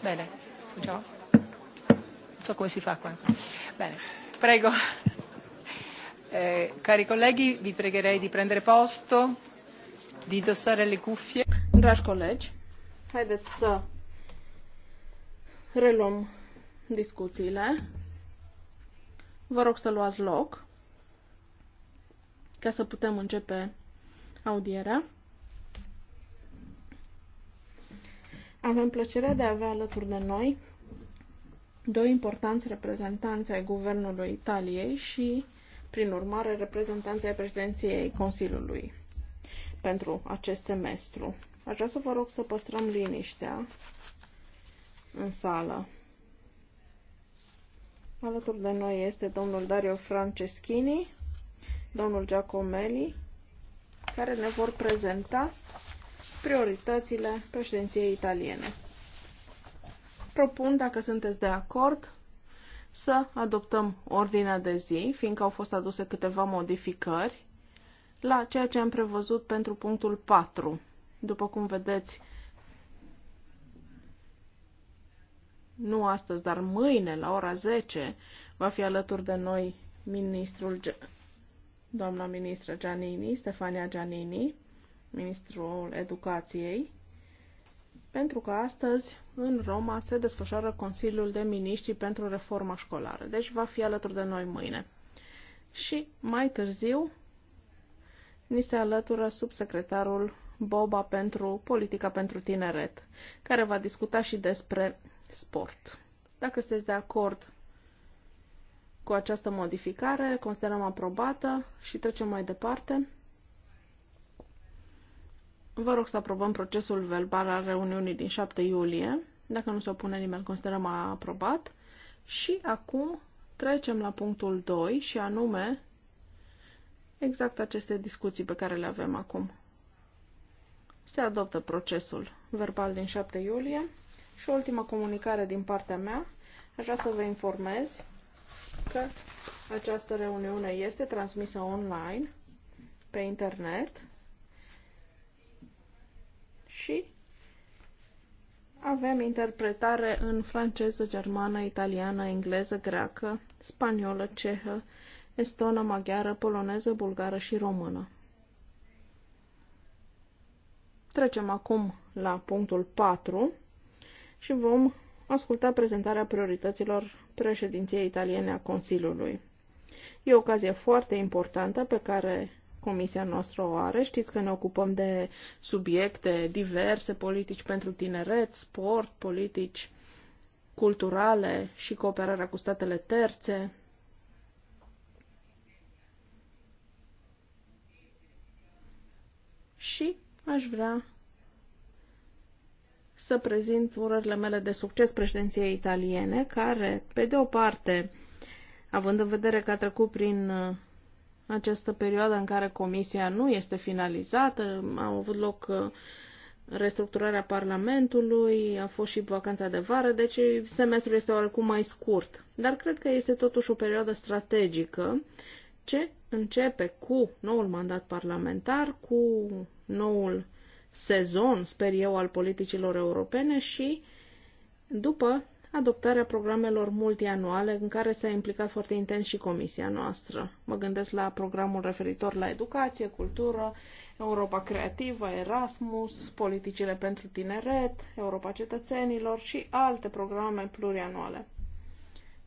Bene, ciao. Non so come si fa qua. Bene, prego. Eh, cari colleghi, vi pregherei di prendere posto, di indossare le cuffie. Dragi colegi, haideți să reluăm discuțiile. Vă rog să luați loc ca să putem începe audierea. Avem plăcerea de a avea alături de noi doi importanți reprezentanți ai Guvernului Italiei și, prin urmare, reprezentanții ai președinției Consiliului pentru acest semestru. Aș vrea să vă rog să păstrăm liniștea în sală. Alături de noi este domnul Dario Franceschini, domnul Giacomelli, care ne vor prezenta prioritățile președinției italiene. Propun, dacă sunteți de acord, să adoptăm ordinea de zi, fiindcă au fost aduse câteva modificări la ceea ce am prevăzut pentru punctul 4. După cum vedeți, nu astăzi, dar mâine, la ora 10, va fi alături de noi ministrul doamna ministră Giannini, Stefania Giannini, ministrul educației, pentru că astăzi în Roma se desfășoară Consiliul de Miniștri pentru Reforma Școlară, deci va fi alături de noi mâine. Și mai târziu ni se alătură subsecretarul Boba pentru Politica pentru Tineret, care va discuta și despre sport. Dacă sunteți de acord cu această modificare considerăm aprobată și trecem mai departe. Vă rog să aprobăm procesul verbal al reuniunii din 7 iulie. Dacă nu se opune nimeni, considerăm aprobat. Și acum trecem la punctul 2 și anume exact aceste discuții pe care le avem acum. Se adoptă procesul verbal din 7 iulie și ultima comunicare din partea mea. Aș vrea să vă informez că această reuniune este transmisă online, pe internet și avem interpretare în franceză, germană, italiană, engleză, greacă, spaniolă, cehă, estonă, maghiară, poloneză, bulgară și română. Trecem acum la punctul 4 și vom asculta prezentarea priorităților președinția italiene a Consiliului. E o ocazie foarte importantă pe care comisia noastră o are. Știți că ne ocupăm de subiecte diverse, politici pentru tineret, sport, politici culturale și cooperarea cu statele terțe. Și aș vrea să prezint urările mele de succes președinției italiene, care, pe de o parte, având în vedere că a trecut prin uh, această perioadă în care comisia nu este finalizată, au avut loc uh, restructurarea Parlamentului, a fost și vacanța de vară, deci semestrul este oarecum mai scurt. Dar cred că este totuși o perioadă strategică ce începe cu noul mandat parlamentar, cu noul sezon, sper eu, al politicilor europene și după adoptarea programelor multianuale în care s-a implicat foarte intens și comisia noastră. Mă gândesc la programul referitor la educație, cultură, Europa creativă, Erasmus, politicile pentru tineret, Europa cetățenilor și alte programe plurianuale.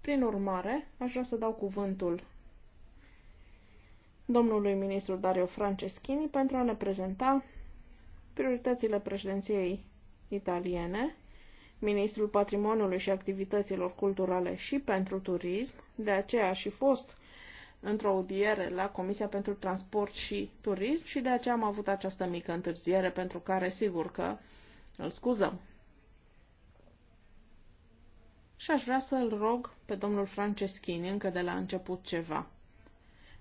Prin urmare, aș vrea să dau cuvântul domnului ministru Dario Franceschini pentru a ne prezenta Prioritățile președinției italiene, ministrul patrimoniului și activităților culturale și pentru turism, de aceea și fost într-o audiere la Comisia pentru Transport și Turism și de aceea am avut această mică întârziere pentru care sigur că îl scuzăm. Și aș vrea să-l rog pe domnul Franceschini încă de la început ceva.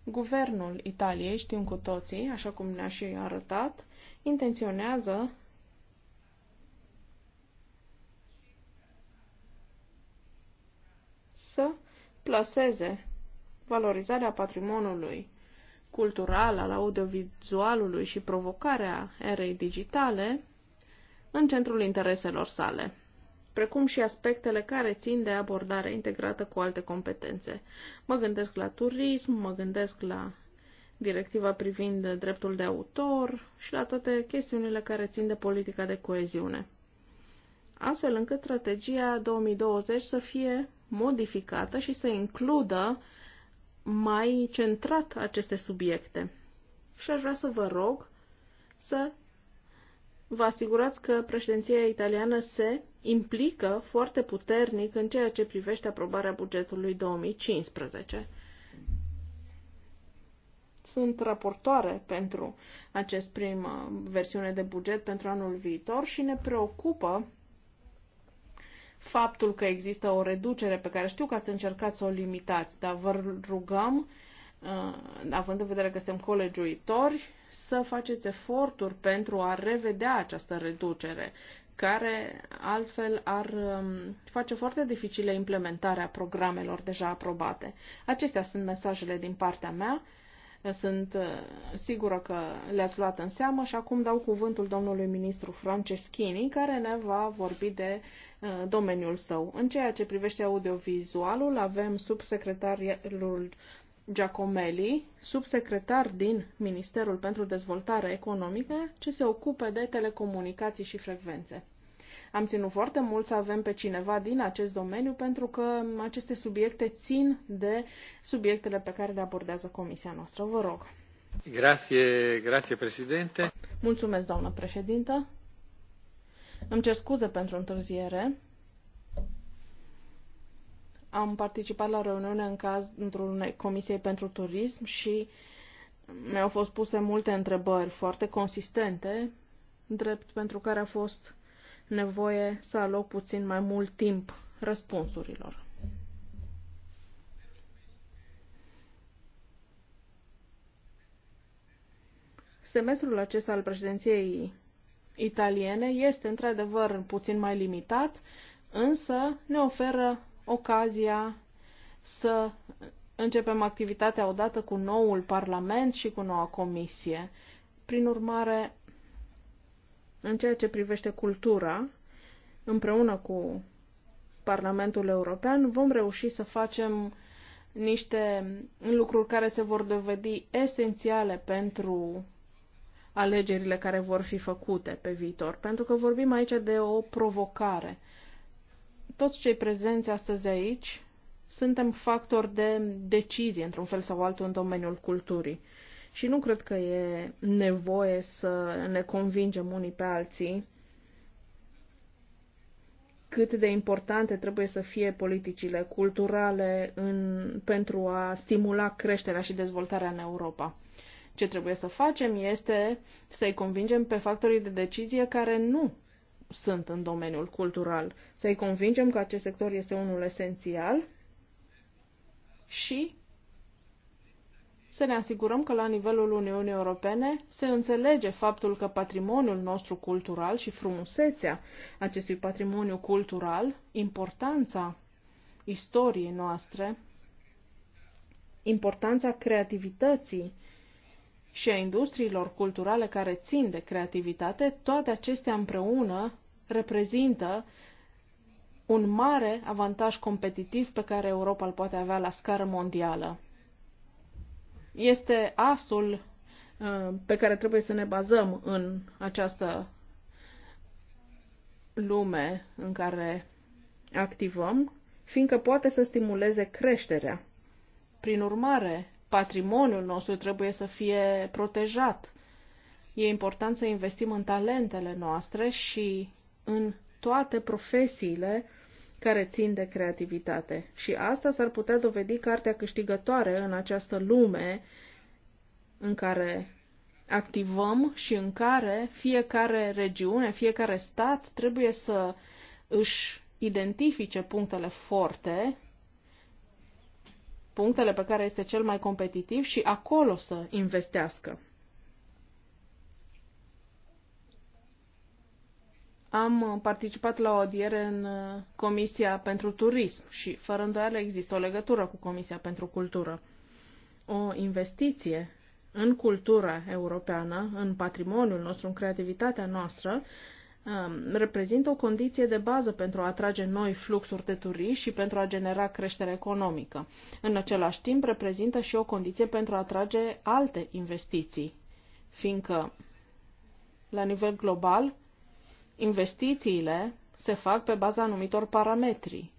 Guvernul Italiei, știm cu toții, așa cum ne-a și arătat, intenționează să plaseze valorizarea patrimoniului cultural, al audiovizualului și provocarea erei digitale în centrul intereselor sale, precum și aspectele care țin de abordare integrată cu alte competențe. Mă gândesc la turism, mă gândesc la directiva privind dreptul de autor și la toate chestiunile care țin de politica de coeziune. Astfel încât strategia 2020 să fie modificată și să includă mai centrat aceste subiecte. Și aș vrea să vă rog să vă asigurați că președinția italiană se implică foarte puternic în ceea ce privește aprobarea bugetului 2015 sunt raportoare pentru acest prim uh, versiune de buget pentru anul viitor și ne preocupă faptul că există o reducere pe care știu că ați încercat să o limitați, dar vă rugăm, uh, având în vedere că suntem colegiuitori, să faceți eforturi pentru a revedea această reducere, care altfel ar um, face foarte dificilă implementarea programelor deja aprobate. Acestea sunt mesajele din partea mea. Sunt uh, sigură că le-ați luat în seamă și acum dau cuvântul domnului ministru Franceschini, care ne va vorbi de uh, domeniul său. În ceea ce privește audiovizualul, avem subsecretarul Giacomelli, subsecretar din Ministerul pentru Dezvoltare Economică, ce se ocupe de telecomunicații și frecvențe. Am ținut foarte mult să avem pe cineva din acest domeniu pentru că aceste subiecte țin de subiectele pe care le abordează comisia noastră. Vă rog. Grazie, grazie, președinte. Mulțumesc, doamnă președintă. Îmi cer scuze pentru întârziere. Am participat la reuniune în caz într-un comisie pentru turism și mi-au fost puse multe întrebări foarte consistente, drept pentru care a fost nevoie să aloc puțin mai mult timp răspunsurilor. Semestrul acesta al președinției italiene este într-adevăr puțin mai limitat, însă ne oferă ocazia să începem activitatea odată cu noul Parlament și cu noua Comisie. Prin urmare, în ceea ce privește cultura, împreună cu Parlamentul European, vom reuși să facem niște lucruri care se vor dovedi esențiale pentru alegerile care vor fi făcute pe viitor, pentru că vorbim aici de o provocare. Toți cei prezenți astăzi aici suntem factori de decizie, într-un fel sau altul, în domeniul culturii. Și nu cred că e nevoie să ne convingem unii pe alții cât de importante trebuie să fie politicile culturale în, pentru a stimula creșterea și dezvoltarea în Europa. Ce trebuie să facem este să-i convingem pe factorii de decizie care nu sunt în domeniul cultural, să-i convingem că acest sector este unul esențial și să ne asigurăm că la nivelul Uniunii Europene se înțelege faptul că patrimoniul nostru cultural și frumusețea acestui patrimoniu cultural, importanța istoriei noastre, importanța creativității și a industriilor culturale care țin de creativitate, toate acestea împreună reprezintă un mare avantaj competitiv pe care Europa îl poate avea la scară mondială este asul uh, pe care trebuie să ne bazăm în această lume în care activăm, fiindcă poate să stimuleze creșterea. Prin urmare, patrimoniul nostru trebuie să fie protejat. E important să investim în talentele noastre și în toate profesiile care țin de creativitate. Și asta s-ar putea dovedi cartea câștigătoare în această lume în care activăm și în care fiecare regiune, fiecare stat trebuie să își identifice punctele forte, punctele pe care este cel mai competitiv și acolo să investească. Am uh, participat la o adiere în uh, Comisia pentru Turism și, fără îndoială, există o legătură cu Comisia pentru Cultură. O investiție în cultura europeană, în patrimoniul nostru, în creativitatea noastră, um, reprezintă o condiție de bază pentru a atrage noi fluxuri de turiști și pentru a genera creștere economică. În același timp, reprezintă și o condiție pentru a atrage alte investiții, fiindcă, la nivel global, Investițiile se fac pe baza anumitor parametri.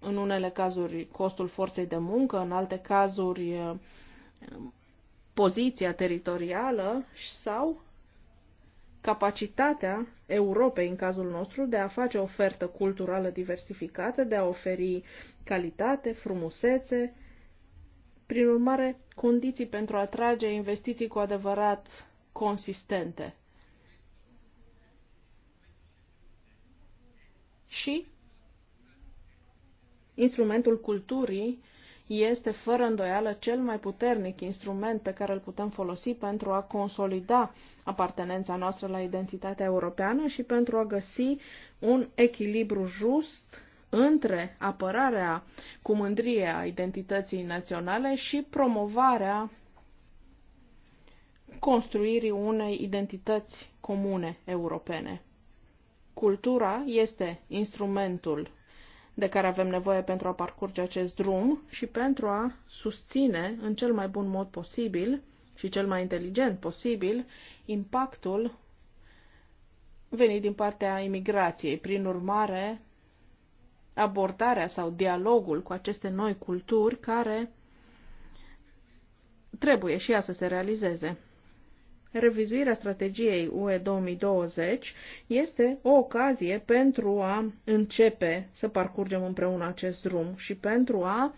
În unele cazuri costul forței de muncă, în alte cazuri eh, poziția teritorială sau capacitatea Europei, în cazul nostru, de a face o ofertă culturală diversificată, de a oferi calitate, frumusețe, prin urmare, condiții pentru a atrage investiții cu adevărat consistente. și instrumentul culturii este fără îndoială cel mai puternic instrument pe care îl putem folosi pentru a consolida apartenența noastră la identitatea europeană și pentru a găsi un echilibru just între apărarea cu mândrie a identității naționale și promovarea construirii unei identități comune europene. Cultura este instrumentul de care avem nevoie pentru a parcurge acest drum și pentru a susține în cel mai bun mod posibil și cel mai inteligent posibil impactul venit din partea imigrației. Prin urmare, abordarea sau dialogul cu aceste noi culturi care trebuie și ea să se realizeze revizuirea strategiei UE 2020 este o ocazie pentru a începe să parcurgem împreună acest drum și pentru a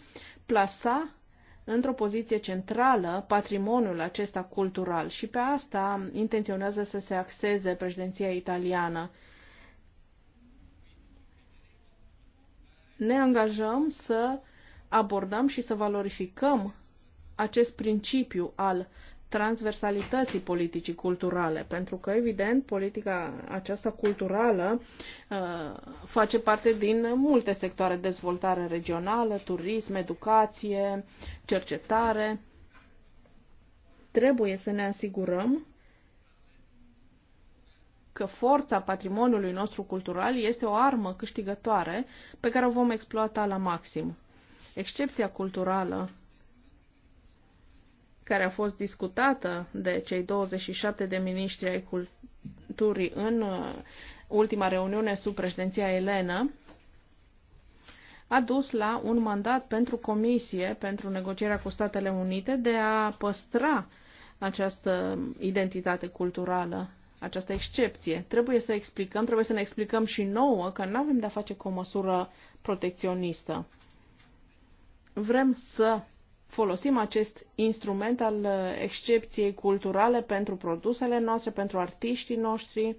plasa într-o poziție centrală patrimoniul acesta cultural și pe asta intenționează să se axeze președinția italiană. Ne angajăm să abordăm și să valorificăm acest principiu al transversalității politicii culturale, pentru că, evident, politica aceasta culturală uh, face parte din multe sectoare, dezvoltare regională, turism, educație, cercetare. Trebuie să ne asigurăm că forța patrimoniului nostru cultural este o armă câștigătoare pe care o vom exploata la maxim. Excepția culturală care a fost discutată de cei 27 de miniștri ai culturii în uh, ultima reuniune sub președinția elenă, a dus la un mandat pentru comisie pentru negocierea cu Statele Unite de a păstra această identitate culturală, această excepție. Trebuie să explicăm, trebuie să ne explicăm și nouă că nu avem de-a face cu o măsură protecționistă. Vrem să folosim acest instrument al uh, excepției culturale pentru produsele noastre, pentru artiștii noștri.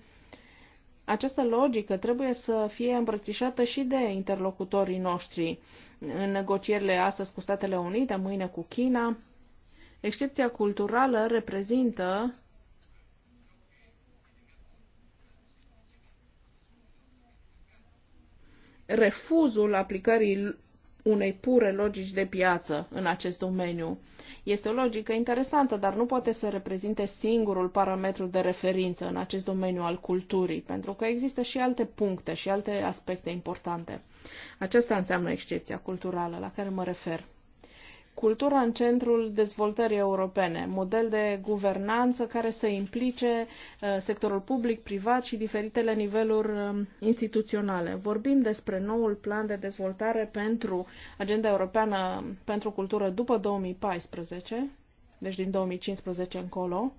Această logică trebuie să fie îmbrățișată și de interlocutorii noștri în negocierile astăzi cu Statele Unite, mâine cu China. Excepția culturală reprezintă refuzul aplicării unei pure logici de piață în acest domeniu. Este o logică interesantă, dar nu poate să reprezinte singurul parametru de referință în acest domeniu al culturii, pentru că există și alte puncte și alte aspecte importante. Aceasta înseamnă excepția culturală la care mă refer. Cultura în centrul dezvoltării europene, model de guvernanță care să implice uh, sectorul public, privat și diferitele niveluri um, instituționale. Vorbim despre noul plan de dezvoltare pentru Agenda Europeană pentru Cultură după 2014, deci din 2015 încolo,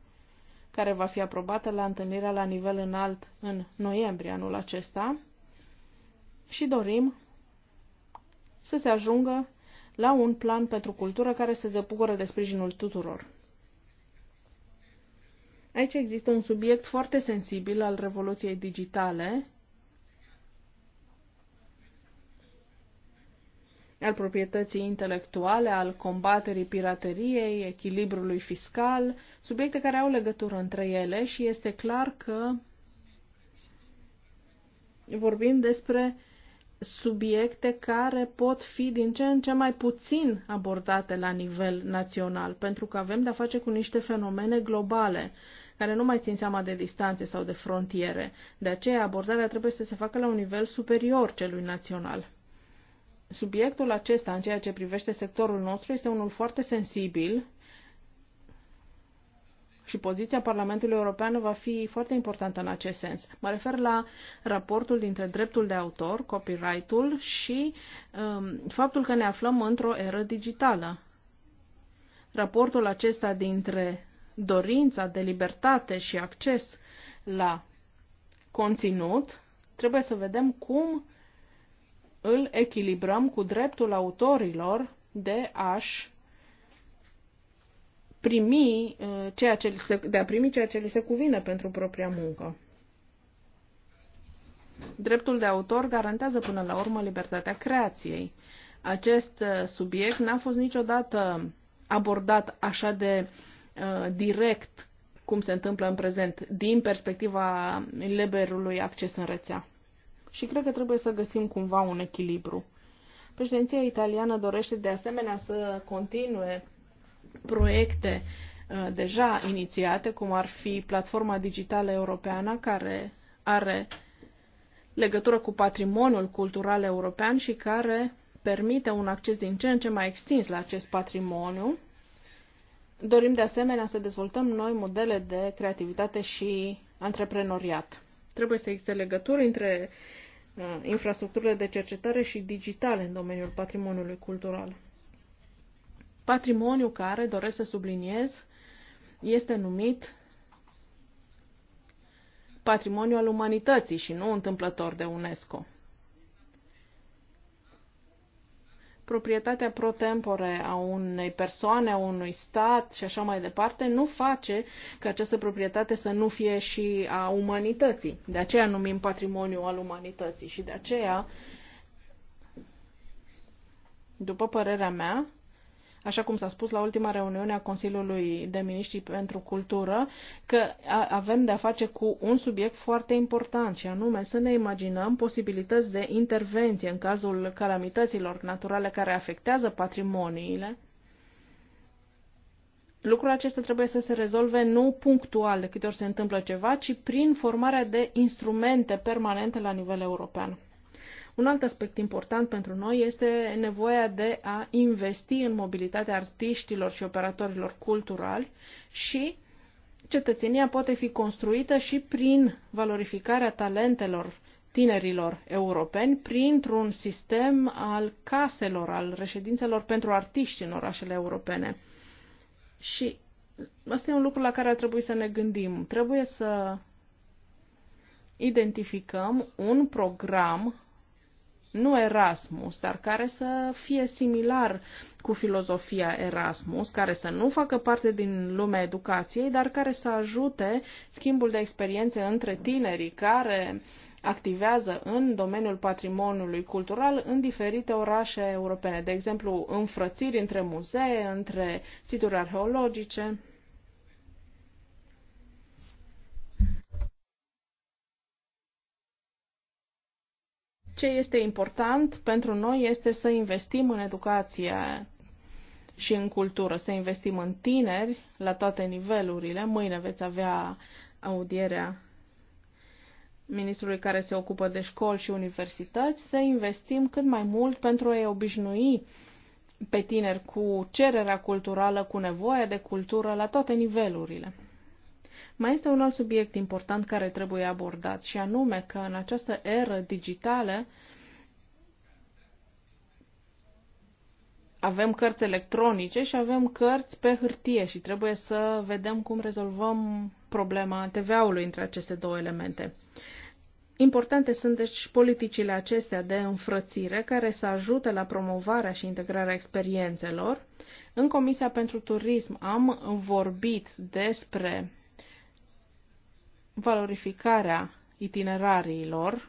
care va fi aprobată la întâlnirea la nivel înalt în noiembrie anul acesta și dorim să se ajungă la un plan pentru cultură care se zăpucură de sprijinul tuturor. Aici există un subiect foarte sensibil al revoluției digitale, al proprietății intelectuale, al combaterii pirateriei, echilibrului fiscal, subiecte care au legătură între ele și este clar că vorbim despre subiecte care pot fi din ce în ce mai puțin abordate la nivel național, pentru că avem de-a face cu niște fenomene globale care nu mai țin seama de distanțe sau de frontiere. De aceea, abordarea trebuie să se facă la un nivel superior celui național. Subiectul acesta, în ceea ce privește sectorul nostru, este unul foarte sensibil și poziția Parlamentului European va fi foarte importantă în acest sens. Mă refer la raportul dintre dreptul de autor, copyright-ul și um, faptul că ne aflăm într-o eră digitală. Raportul acesta dintre dorința de libertate și acces la conținut, trebuie să vedem cum îl echilibrăm cu dreptul autorilor de a-și primi uh, ceea ce li se, de a primi ceea ce li se cuvine pentru propria muncă. Dreptul de autor garantează până la urmă libertatea creației. Acest uh, subiect n-a fost niciodată abordat așa de uh, direct cum se întâmplă în prezent, din perspectiva liberului acces în rețea. Și cred că trebuie să găsim cumva un echilibru. Președinția italiană dorește de asemenea să continue proiecte uh, deja inițiate, cum ar fi Platforma Digitală Europeană, care are legătură cu patrimoniul cultural european și care permite un acces din ce în ce mai extins la acest patrimoniu. Dorim de asemenea să dezvoltăm noi modele de creativitate și antreprenoriat. Trebuie să existe legături între uh, infrastructurile de cercetare și digitale în domeniul patrimoniului cultural patrimoniu care, doresc să subliniez, este numit patrimoniu al umanității și nu întâmplător de UNESCO. proprietatea pro tempore a unei persoane, a unui stat și așa mai departe, nu face ca această proprietate să nu fie și a umanității. De aceea numim patrimoniu al umanității și de aceea, după părerea mea, așa cum s-a spus la ultima reuniune a Consiliului de Miniștri pentru Cultură, că avem de-a face cu un subiect foarte important și anume să ne imaginăm posibilități de intervenție în cazul calamităților naturale care afectează patrimoniile lucrul acesta trebuie să se rezolve nu punctual de câte ori se întâmplă ceva, ci prin formarea de instrumente permanente la nivel european. Un alt aspect important pentru noi este nevoia de a investi în mobilitatea artiștilor și operatorilor culturali și cetățenia poate fi construită și prin valorificarea talentelor tinerilor europeni printr-un sistem al caselor, al reședințelor pentru artiști în orașele europene. Și asta e un lucru la care ar trebui să ne gândim. Trebuie să identificăm un program nu Erasmus, dar care să fie similar cu filozofia Erasmus, care să nu facă parte din lumea educației, dar care să ajute schimbul de experiențe între tinerii care activează în domeniul patrimoniului cultural în diferite orașe europene, de exemplu înfrățiri între muzee, între situri arheologice. Ce este important pentru noi este să investim în educație și în cultură, să investim în tineri la toate nivelurile. Mâine veți avea audierea ministrului care se ocupă de școli și universități, să investim cât mai mult pentru a-i obișnui pe tineri cu cererea culturală, cu nevoia de cultură la toate nivelurile. Mai este un alt subiect important care trebuie abordat și anume că în această eră digitală avem cărți electronice și avem cărți pe hârtie și trebuie să vedem cum rezolvăm problema TVA-ului între aceste două elemente. Importante sunt deci politicile acestea de înfrățire care să ajute la promovarea și integrarea experiențelor. În Comisia pentru Turism am vorbit despre valorificarea itinerariilor,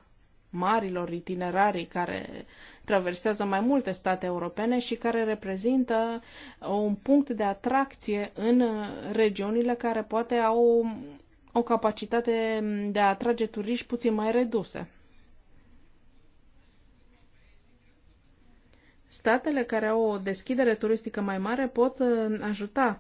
marilor itinerarii care traversează mai multe state europene și care reprezintă un punct de atracție în regiunile care poate au o capacitate de a atrage turiști puțin mai reduse. Statele care au o deschidere turistică mai mare pot uh, ajuta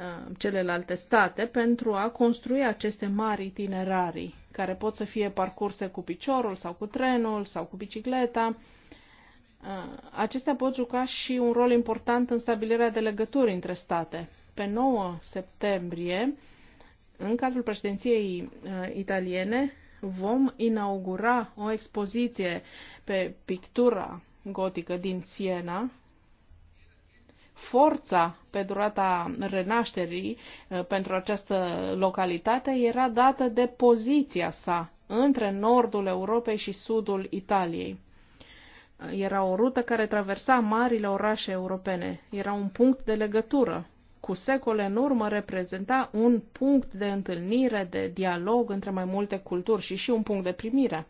Uh, celelalte state pentru a construi aceste mari itinerarii, care pot să fie parcurse cu piciorul sau cu trenul sau cu bicicleta. Uh, acestea pot juca și un rol important în stabilirea de legături între state. Pe 9 septembrie, în cadrul președinției uh, italiene, vom inaugura o expoziție pe pictura gotică din Siena, forța pe durata renașterii uh, pentru această localitate era dată de poziția sa între nordul Europei și sudul Italiei. Uh, era o rută care traversa marile orașe europene, era un punct de legătură. Cu secole în urmă reprezenta un punct de întâlnire, de dialog între mai multe culturi și și un punct de primire.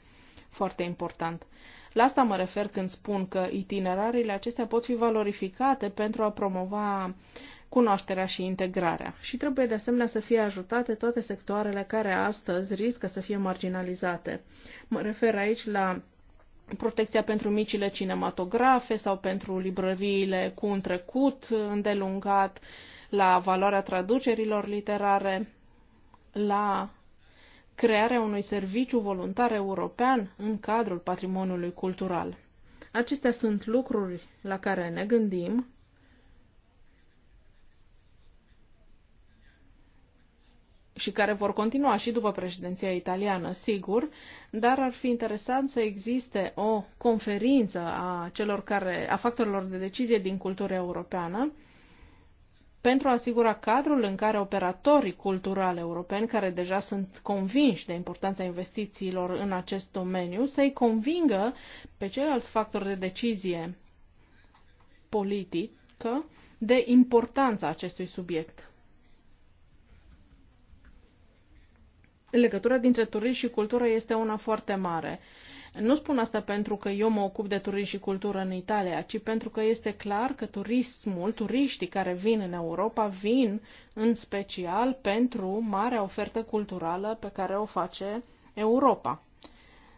Foarte important. La asta mă refer când spun că itinerariile acestea pot fi valorificate pentru a promova cunoașterea și integrarea. Și trebuie de asemenea să fie ajutate toate sectoarele care astăzi riscă să fie marginalizate. Mă refer aici la protecția pentru micile cinematografe sau pentru librăriile cu un trecut îndelungat, la valoarea traducerilor literare, la crearea unui serviciu voluntar european în cadrul patrimoniului cultural. Acestea sunt lucruri la care ne gândim și care vor continua și după președinția italiană, sigur, dar ar fi interesant să existe o conferință a celor care, a factorilor de decizie din cultura europeană, pentru a asigura cadrul în care operatorii culturali europeni, care deja sunt convinși de importanța investițiilor în acest domeniu, să-i convingă pe ceilalți factori de decizie politică de importanța acestui subiect. Legătura dintre turism și cultură este una foarte mare nu spun asta pentru că eu mă ocup de turism și cultură în Italia, ci pentru că este clar că turismul, turiștii care vin în Europa, vin în special pentru marea ofertă culturală pe care o face Europa.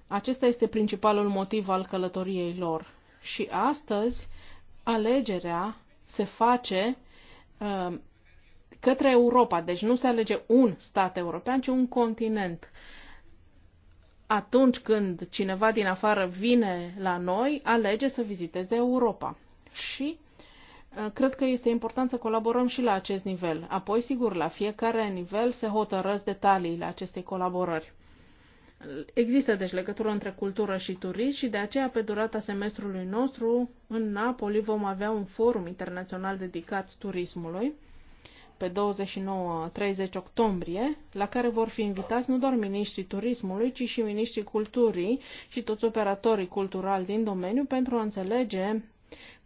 Acesta este principalul motiv al călătoriei lor. Și astăzi alegerea se face uh, către Europa, deci nu se alege un stat european, ci un continent. Uh, atunci când cineva din afară vine la noi, alege să viziteze Europa. Și uh, Cred că este important să colaborăm și la acest nivel. Apoi, sigur, la fiecare nivel se hotărăsc detaliile acestei colaborări. Există deci legătură între cultură și turism și de aceea pe durata semestrului nostru în Napoli vom avea un forum internațional dedicat turismului pe 29-30 octombrie, la care vor fi invitați nu doar miniștrii turismului, ci și miniștrii culturii și toți operatorii culturali din domeniu pentru a înțelege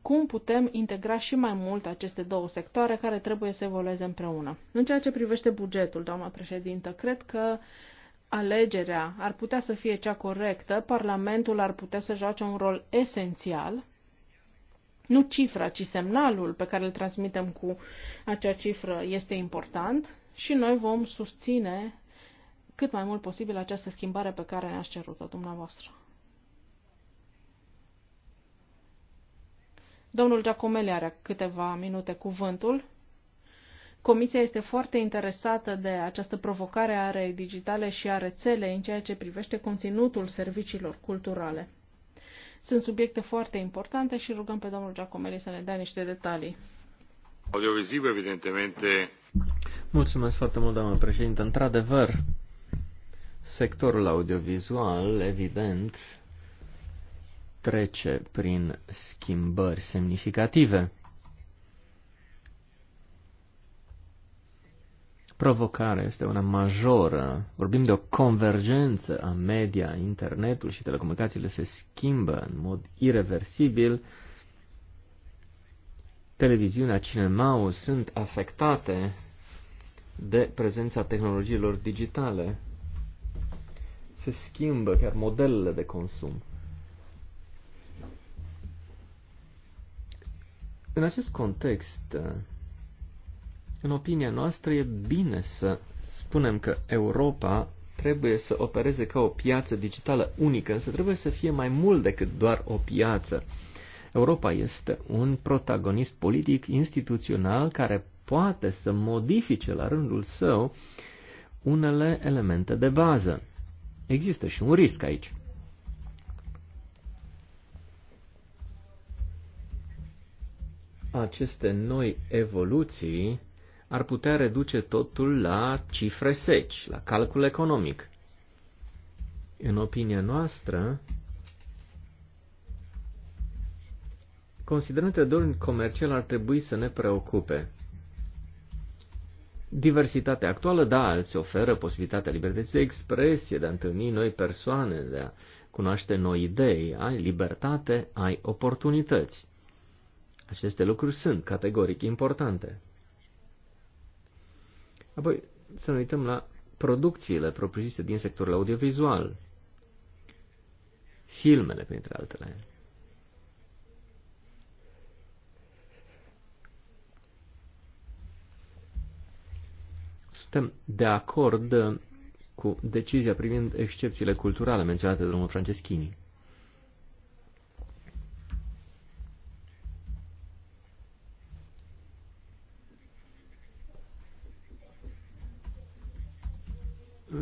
cum putem integra și mai mult aceste două sectoare care trebuie să evolueze împreună. În ceea ce privește bugetul, doamna președintă, cred că alegerea ar putea să fie cea corectă, Parlamentul ar putea să joace un rol esențial nu cifra, ci semnalul pe care îl transmitem cu acea cifră este important și noi vom susține cât mai mult posibil această schimbare pe care ne-ați cerut-o dumneavoastră. Domnul Giacomeli are câteva minute cuvântul. Comisia este foarte interesată de această provocare a arei digitale și a rețelei în ceea ce privește conținutul serviciilor culturale. Sunt subiecte foarte importante și rugăm pe domnul Giacomeli să ne dea niște detalii. Audiovizib, evidentemente. Mulțumesc foarte mult, doamnă președinte. Într-adevăr, sectorul audiovizual, evident, trece prin schimbări semnificative. provocare este una majoră. Vorbim de o convergență a media, internetul și telecomunicațiile se schimbă în mod irreversibil. Televiziunea, cinemaul sunt afectate de prezența tehnologiilor digitale. Se schimbă chiar modelele de consum. În acest context, în opinia noastră e bine să spunem că Europa trebuie să opereze ca o piață digitală unică, însă trebuie să fie mai mult decât doar o piață. Europa este un protagonist politic instituțional care poate să modifice la rândul său unele elemente de bază. Există și un risc aici. Aceste noi evoluții ar putea reduce totul la cifre seci, la calcul economic. În opinia noastră, considerând rolul comercial ar trebui să ne preocupe. Diversitatea actuală, da, îți oferă posibilitatea libertății de expresie, de a întâlni noi persoane, de a cunoaște noi idei, ai libertate, ai oportunități. Aceste lucruri sunt categoric importante. Apoi să ne uităm la producțiile propriu-zise din sectorul audiovizual, filmele, printre altele. Suntem de acord cu decizia privind excepțiile culturale menționate de domnul Franceschini.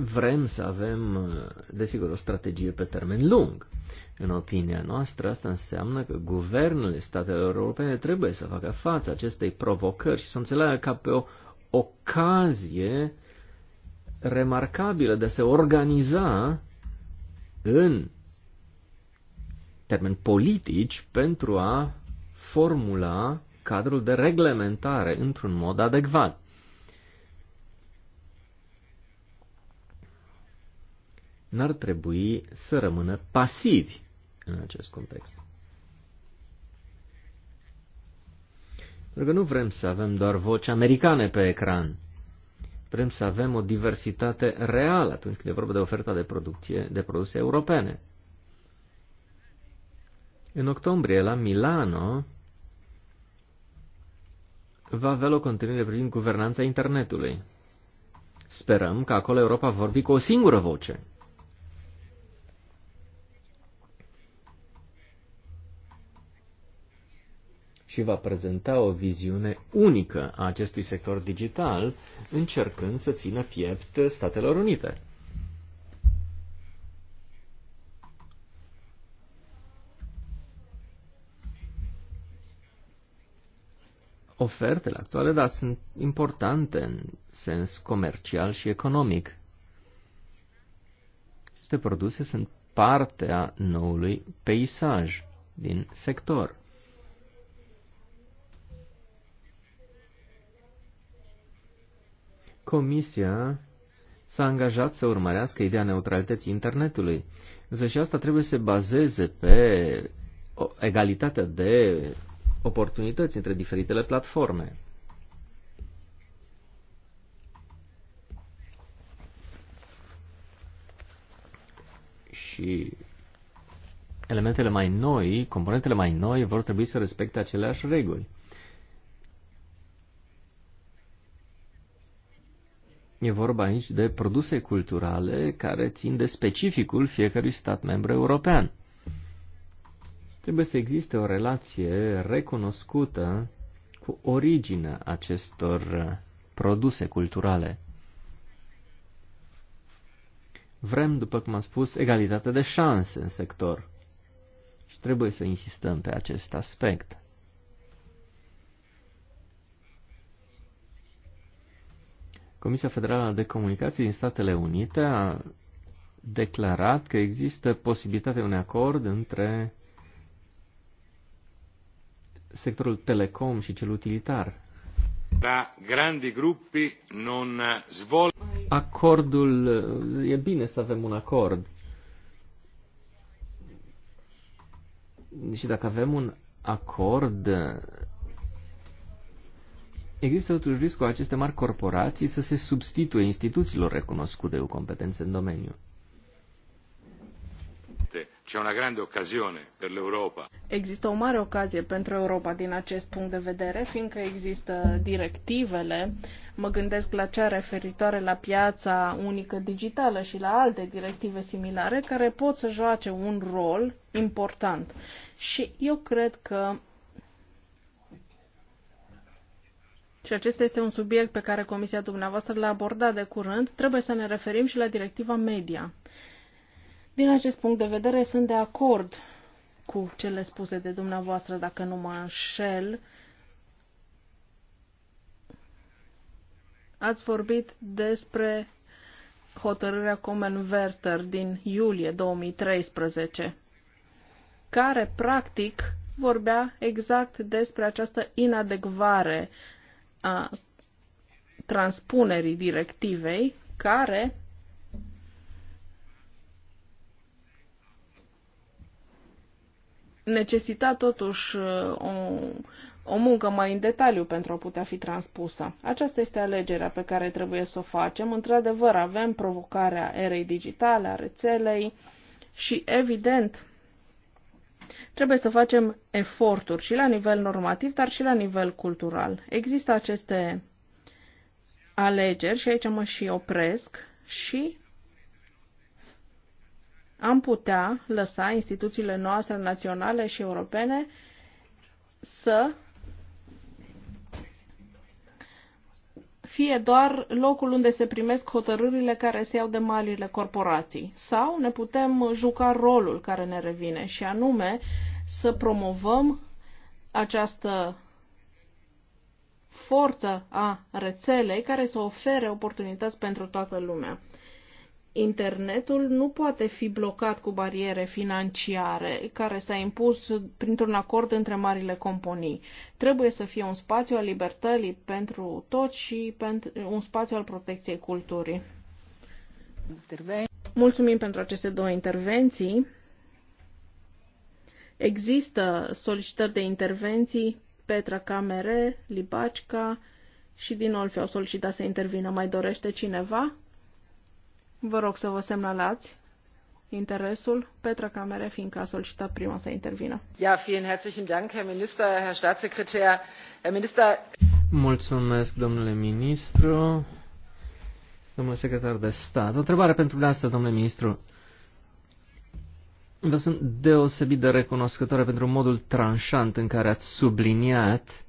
vrem să avem, desigur, o strategie pe termen lung. În opinia noastră, asta înseamnă că guvernele statelor europene trebuie să facă față acestei provocări și să înțeleagă ca pe o ocazie remarcabilă de a se organiza în termeni politici pentru a formula cadrul de reglementare într-un mod adecvat. n-ar trebui să rămână pasivi în acest context. Pentru că nu vrem să avem doar voci americane pe ecran. Vrem să avem o diversitate reală atunci când e vorba de oferta de, producție, de produse europene. În octombrie, la Milano, va avea loc o întâlnire privind guvernanța internetului. Sperăm că acolo Europa vorbi cu o singură voce și va prezenta o viziune unică a acestui sector digital, încercând să țină piept Statelor Unite. Ofertele actuale, da, sunt importante în sens comercial și economic. Aceste produse sunt parte a noului peisaj din sector. Comisia s-a angajat să urmărească ideea neutralității internetului. Însă și asta trebuie să se bazeze pe egalitatea de oportunități între diferitele platforme. Și elementele mai noi, componentele mai noi vor trebui să respecte aceleași reguli. E vorba aici de produse culturale care țin de specificul fiecărui stat membru european. Trebuie să existe o relație recunoscută cu originea acestor produse culturale. Vrem, după cum am spus, egalitate de șanse în sector și trebuie să insistăm pe acest aspect. Comisia Federală de Comunicații din Statele Unite a declarat că există posibilitatea unui acord între sectorul telecom și cel utilitar. Da, grandi grupi non svol... Acordul, e bine să avem un acord. Și dacă avem un acord Există totuși riscul aceste mari corporații să se substituie instituțiilor recunoscute cu competențe în domeniu. C'è una grande occasione per l'Europa. Există o mare ocazie pentru Europa din acest punct de vedere, fiindcă există directivele. Mă gândesc la cea referitoare la piața unică digitală și la alte directive similare care pot să joace un rol important. Și eu cred că și acesta este un subiect pe care Comisia dumneavoastră l-a abordat de curând, trebuie să ne referim și la directiva media. Din acest punct de vedere, sunt de acord cu cele spuse de dumneavoastră, dacă nu mă înșel. Ați vorbit despre hotărârea Comenverter din iulie 2013, care practic vorbea exact despre această inadecvare a transpunerii directivei care necesita totuși uh, o, o muncă mai în detaliu pentru a putea fi transpusă. Aceasta este alegerea pe care trebuie să o facem. Într-adevăr, avem provocarea erei digitale, a rețelei și, evident, Trebuie să facem eforturi și la nivel normativ, dar și la nivel cultural. Există aceste alegeri și aici mă și opresc și am putea lăsa instituțiile noastre naționale și europene să fie doar locul unde se primesc hotărârile care se iau de marile corporații. Sau ne putem juca rolul care ne revine și anume să promovăm această forță a rețelei care să ofere oportunități pentru toată lumea internetul nu poate fi blocat cu bariere financiare care s-a impus printr-un acord între marile companii. Trebuie să fie un spațiu al libertății pentru toți și un spațiu al protecției culturii. Interven Mulțumim pentru aceste două intervenții. Există solicitări de intervenții. Petra Camere, Libacica și din Olfi au solicitat să intervină. Mai dorește cineva? Vă rog să vă semnalați interesul. Petra Camere, fiindcă a solicitat prima să intervină. Ja, vielen herzlichen Dank, Herr Minister, Herr Staatssekretär. Herr Minister... Mulțumesc, domnule ministru, domnule secretar de stat. O întrebare pentru dumneavoastră, domnule ministru. Vă sunt deosebit de recunoscătoare pentru modul tranșant în care ați subliniat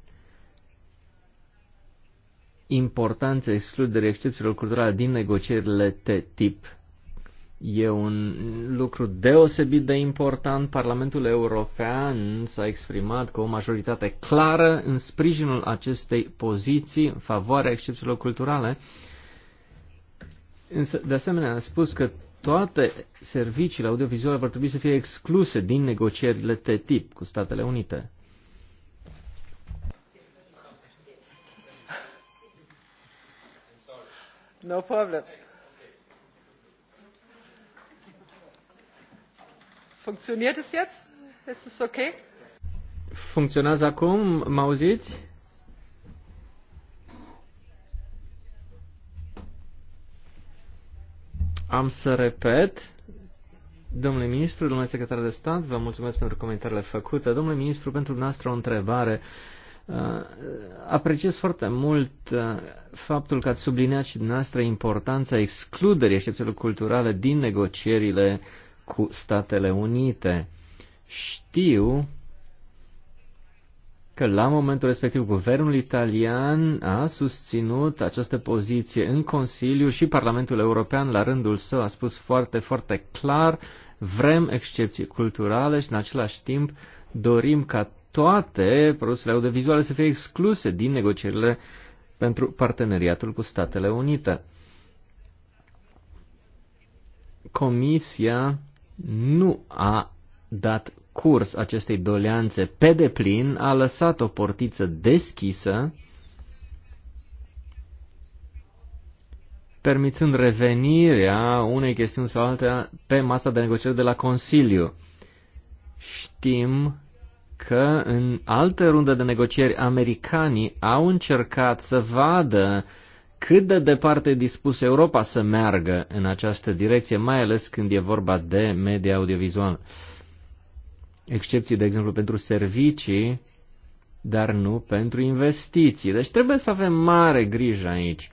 importanța excluderii excepțiilor culturale din negocierile TTIP. E un lucru deosebit de important. Parlamentul European s-a exprimat cu o majoritate clară în sprijinul acestei poziții în favoarea excepțiilor culturale. Însă, de asemenea, a spus că toate serviciile audiovizuale vor trebui să fie excluse din negocierile TTIP cu Statele Unite. No problem. Funcționează es jetzt? Ist es okay? Funcționează acum? Mă auziți? Am să repet. Domnule ministru, domnule secretar de stat, vă mulțumesc pentru comentariile făcute. Domnule ministru, pentru dumneavoastră o întrebare. Uh, Uh, apreciez foarte mult uh, faptul că ați subliniat și dumneavoastră importanța excluderii excepțiilor culturale din negocierile cu Statele Unite. Știu că la momentul respectiv guvernul italian a susținut această poziție în Consiliu și Parlamentul European la rândul său a spus foarte, foarte clar, vrem excepții culturale și în același timp dorim ca toate produsele audiovizuale să fie excluse din negocierile pentru parteneriatul cu Statele Unite. Comisia nu a dat curs acestei doleanțe pe deplin, a lăsat o portiță deschisă, permițând revenirea unei chestiuni sau altea pe masa de negocieri de la Consiliu. Știm că în altă rundă de negocieri americanii au încercat să vadă cât de departe e dispus Europa să meargă în această direcție, mai ales când e vorba de media audiovizuală. Excepții, de exemplu, pentru servicii, dar nu pentru investiții. Deci trebuie să avem mare grijă aici.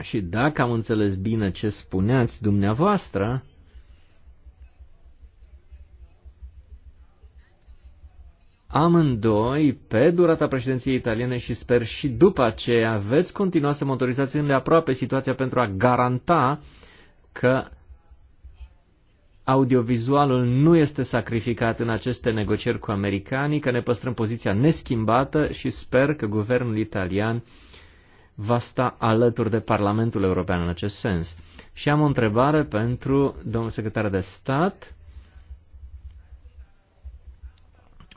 Și dacă am înțeles bine ce spuneați dumneavoastră, amândoi pe durata președinției italiene și sper și după aceea veți continua să monitorizați îndeaproape situația pentru a garanta că audiovizualul nu este sacrificat în aceste negocieri cu americanii, că ne păstrăm poziția neschimbată și sper că guvernul italian va sta alături de Parlamentul European în acest sens. Și am o întrebare pentru domnul secretar de stat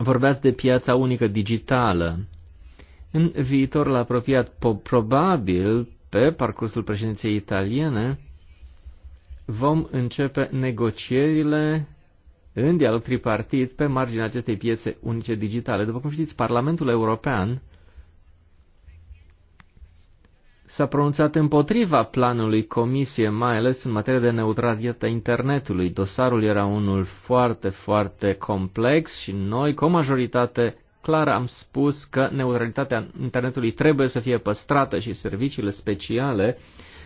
vorbeați de piața unică digitală. În viitorul apropiat, probabil, pe parcursul președinției italiene, vom începe negocierile în dialog tripartit pe marginea acestei piețe unice digitale. După cum știți, Parlamentul European s-a pronunțat împotriva planului Comisie, mai ales în materie de neutralitatea internetului. Dosarul era unul foarte, foarte complex și noi, cu o majoritate clar am spus că neutralitatea internetului trebuie să fie păstrată și serviciile speciale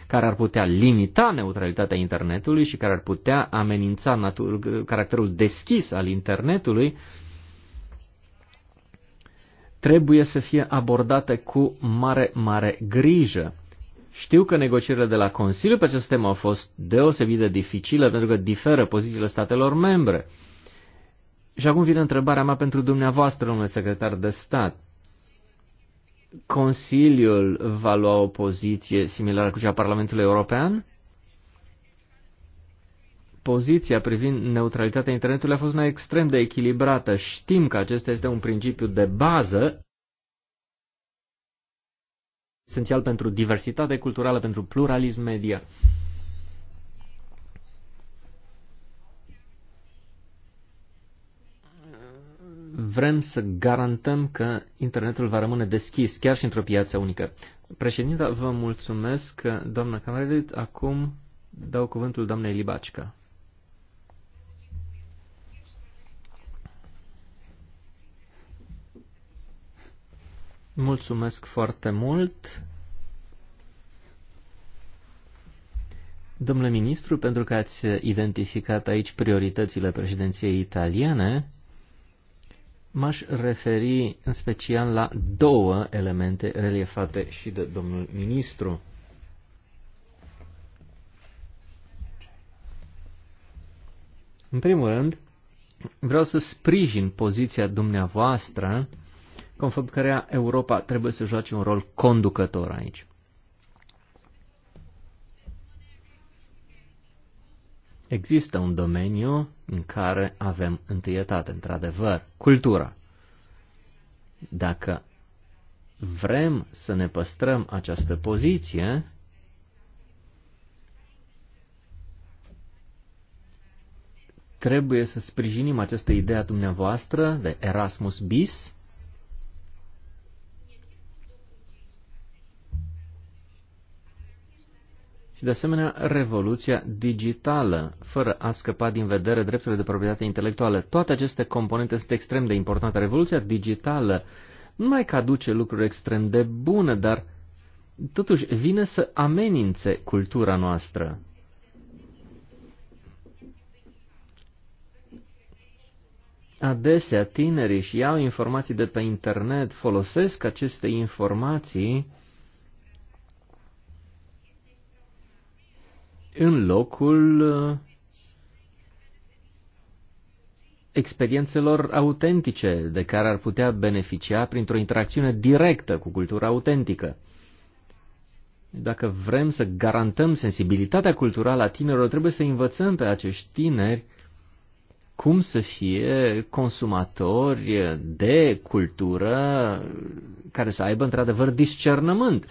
care ar putea limita neutralitatea internetului și care ar putea amenința natur- caracterul deschis al internetului uh, trebuie să fie abordate cu mare, mare grijă. Știu că negocierile de la Consiliu pe acest temă au fost deosebit de dificile pentru că diferă pozițiile statelor membre. Și acum vine întrebarea mea pentru dumneavoastră, domnule secretar de stat. Consiliul va lua o poziție similară cu cea a Parlamentului European? poziția privind neutralitatea internetului a fost una extrem de echilibrată. Știm că acesta este un principiu de bază esențial pentru diversitate culturală, pentru pluralism media. Vrem să garantăm că internetul va rămâne deschis, chiar și într-o piață unică. Președinte, vă mulțumesc, doamna Camerit, Acum dau cuvântul doamnei Libacica. Mulțumesc foarte mult, domnule ministru, pentru că ați identificat aici prioritățile președinției italiene. M-aș referi în special la două elemente reliefate și de domnul ministru. În primul rând, vreau să sprijin poziția dumneavoastră conform căreia Europa trebuie să joace un rol conducător aici. Există un domeniu în care avem întâietate, într-adevăr, cultura. Dacă vrem să ne păstrăm această poziție, trebuie să sprijinim această idee a dumneavoastră de Erasmus bis, și, de asemenea, revoluția digitală, fără a scăpa din vedere drepturile de proprietate intelectuală. Toate aceste componente sunt extrem de importante. Revoluția digitală nu mai că aduce lucruri extrem de bune, dar totuși vine să amenințe cultura noastră. Adesea tinerii și iau informații de pe internet, folosesc aceste informații în locul uh, experiențelor autentice de care ar putea beneficia printr-o interacțiune directă cu cultura autentică. Dacă vrem să garantăm sensibilitatea culturală a tinerilor, trebuie să învățăm pe acești tineri cum să fie consumatori de cultură care să aibă într-adevăr discernământ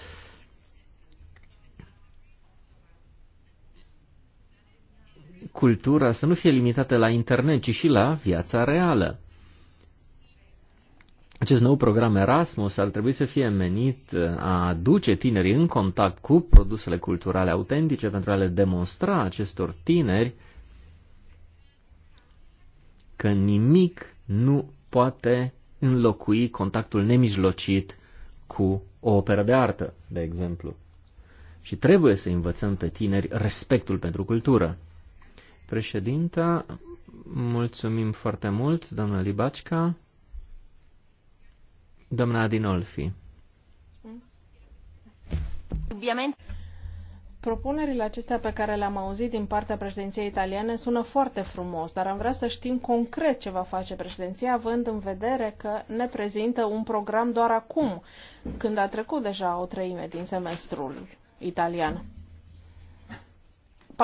cultura să nu fie limitată la internet, ci și la viața reală. Acest nou program Erasmus ar trebui să fie menit uh, a aduce tinerii în contact cu produsele culturale autentice pentru a le demonstra acestor tineri că nimic nu poate înlocui contactul nemijlocit cu o operă de artă, de exemplu. Și trebuie să învățăm pe tineri respectul pentru cultură. Președinta, mulțumim foarte mult, doamna Libacica. Doamna Adinolfi. Obviamente. Propunerile acestea pe care le-am auzit din partea președinției italiene sună foarte frumos, dar am vrea să știm concret ce va face președinția, având în vedere că ne prezintă un program doar acum, când a trecut deja o treime din semestrul italian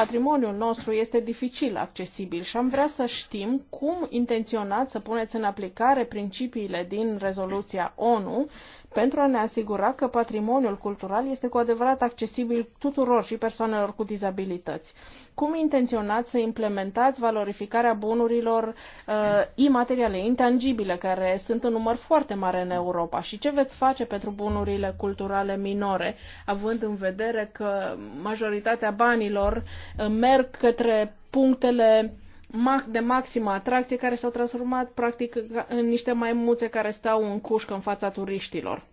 patrimoniul nostru este dificil accesibil și am vrea să știm cum intenționați să puneți în aplicare principiile din rezoluția ONU pentru a ne asigura că patrimoniul cultural este cu adevărat accesibil tuturor și persoanelor cu dizabilități. Cum intenționați să implementați valorificarea bunurilor uh, imateriale, intangibile, care sunt în număr foarte mare în Europa și ce veți face pentru bunurile culturale minore, având în vedere că majoritatea banilor uh, merg către punctele de maximă atracție care s-au transformat practic în niște maimuțe care stau în cușcă în fața turiștilor.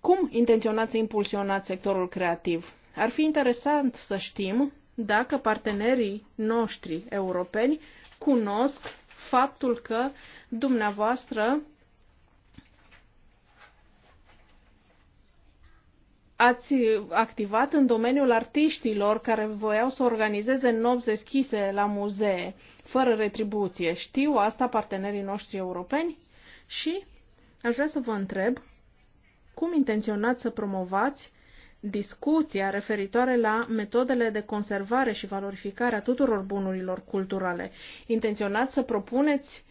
Cum intenționați să impulsionați sectorul creativ? Ar fi interesant să știm dacă partenerii noștri europeni cunosc faptul că dumneavoastră ați activat în domeniul artiștilor care voiau să organizeze nopți deschise la muzee, fără retribuție. Știu asta partenerii noștri europeni? Și aș vrea să vă întreb cum intenționați să promovați discuția referitoare la metodele de conservare și valorificare a tuturor bunurilor culturale. Intenționați să propuneți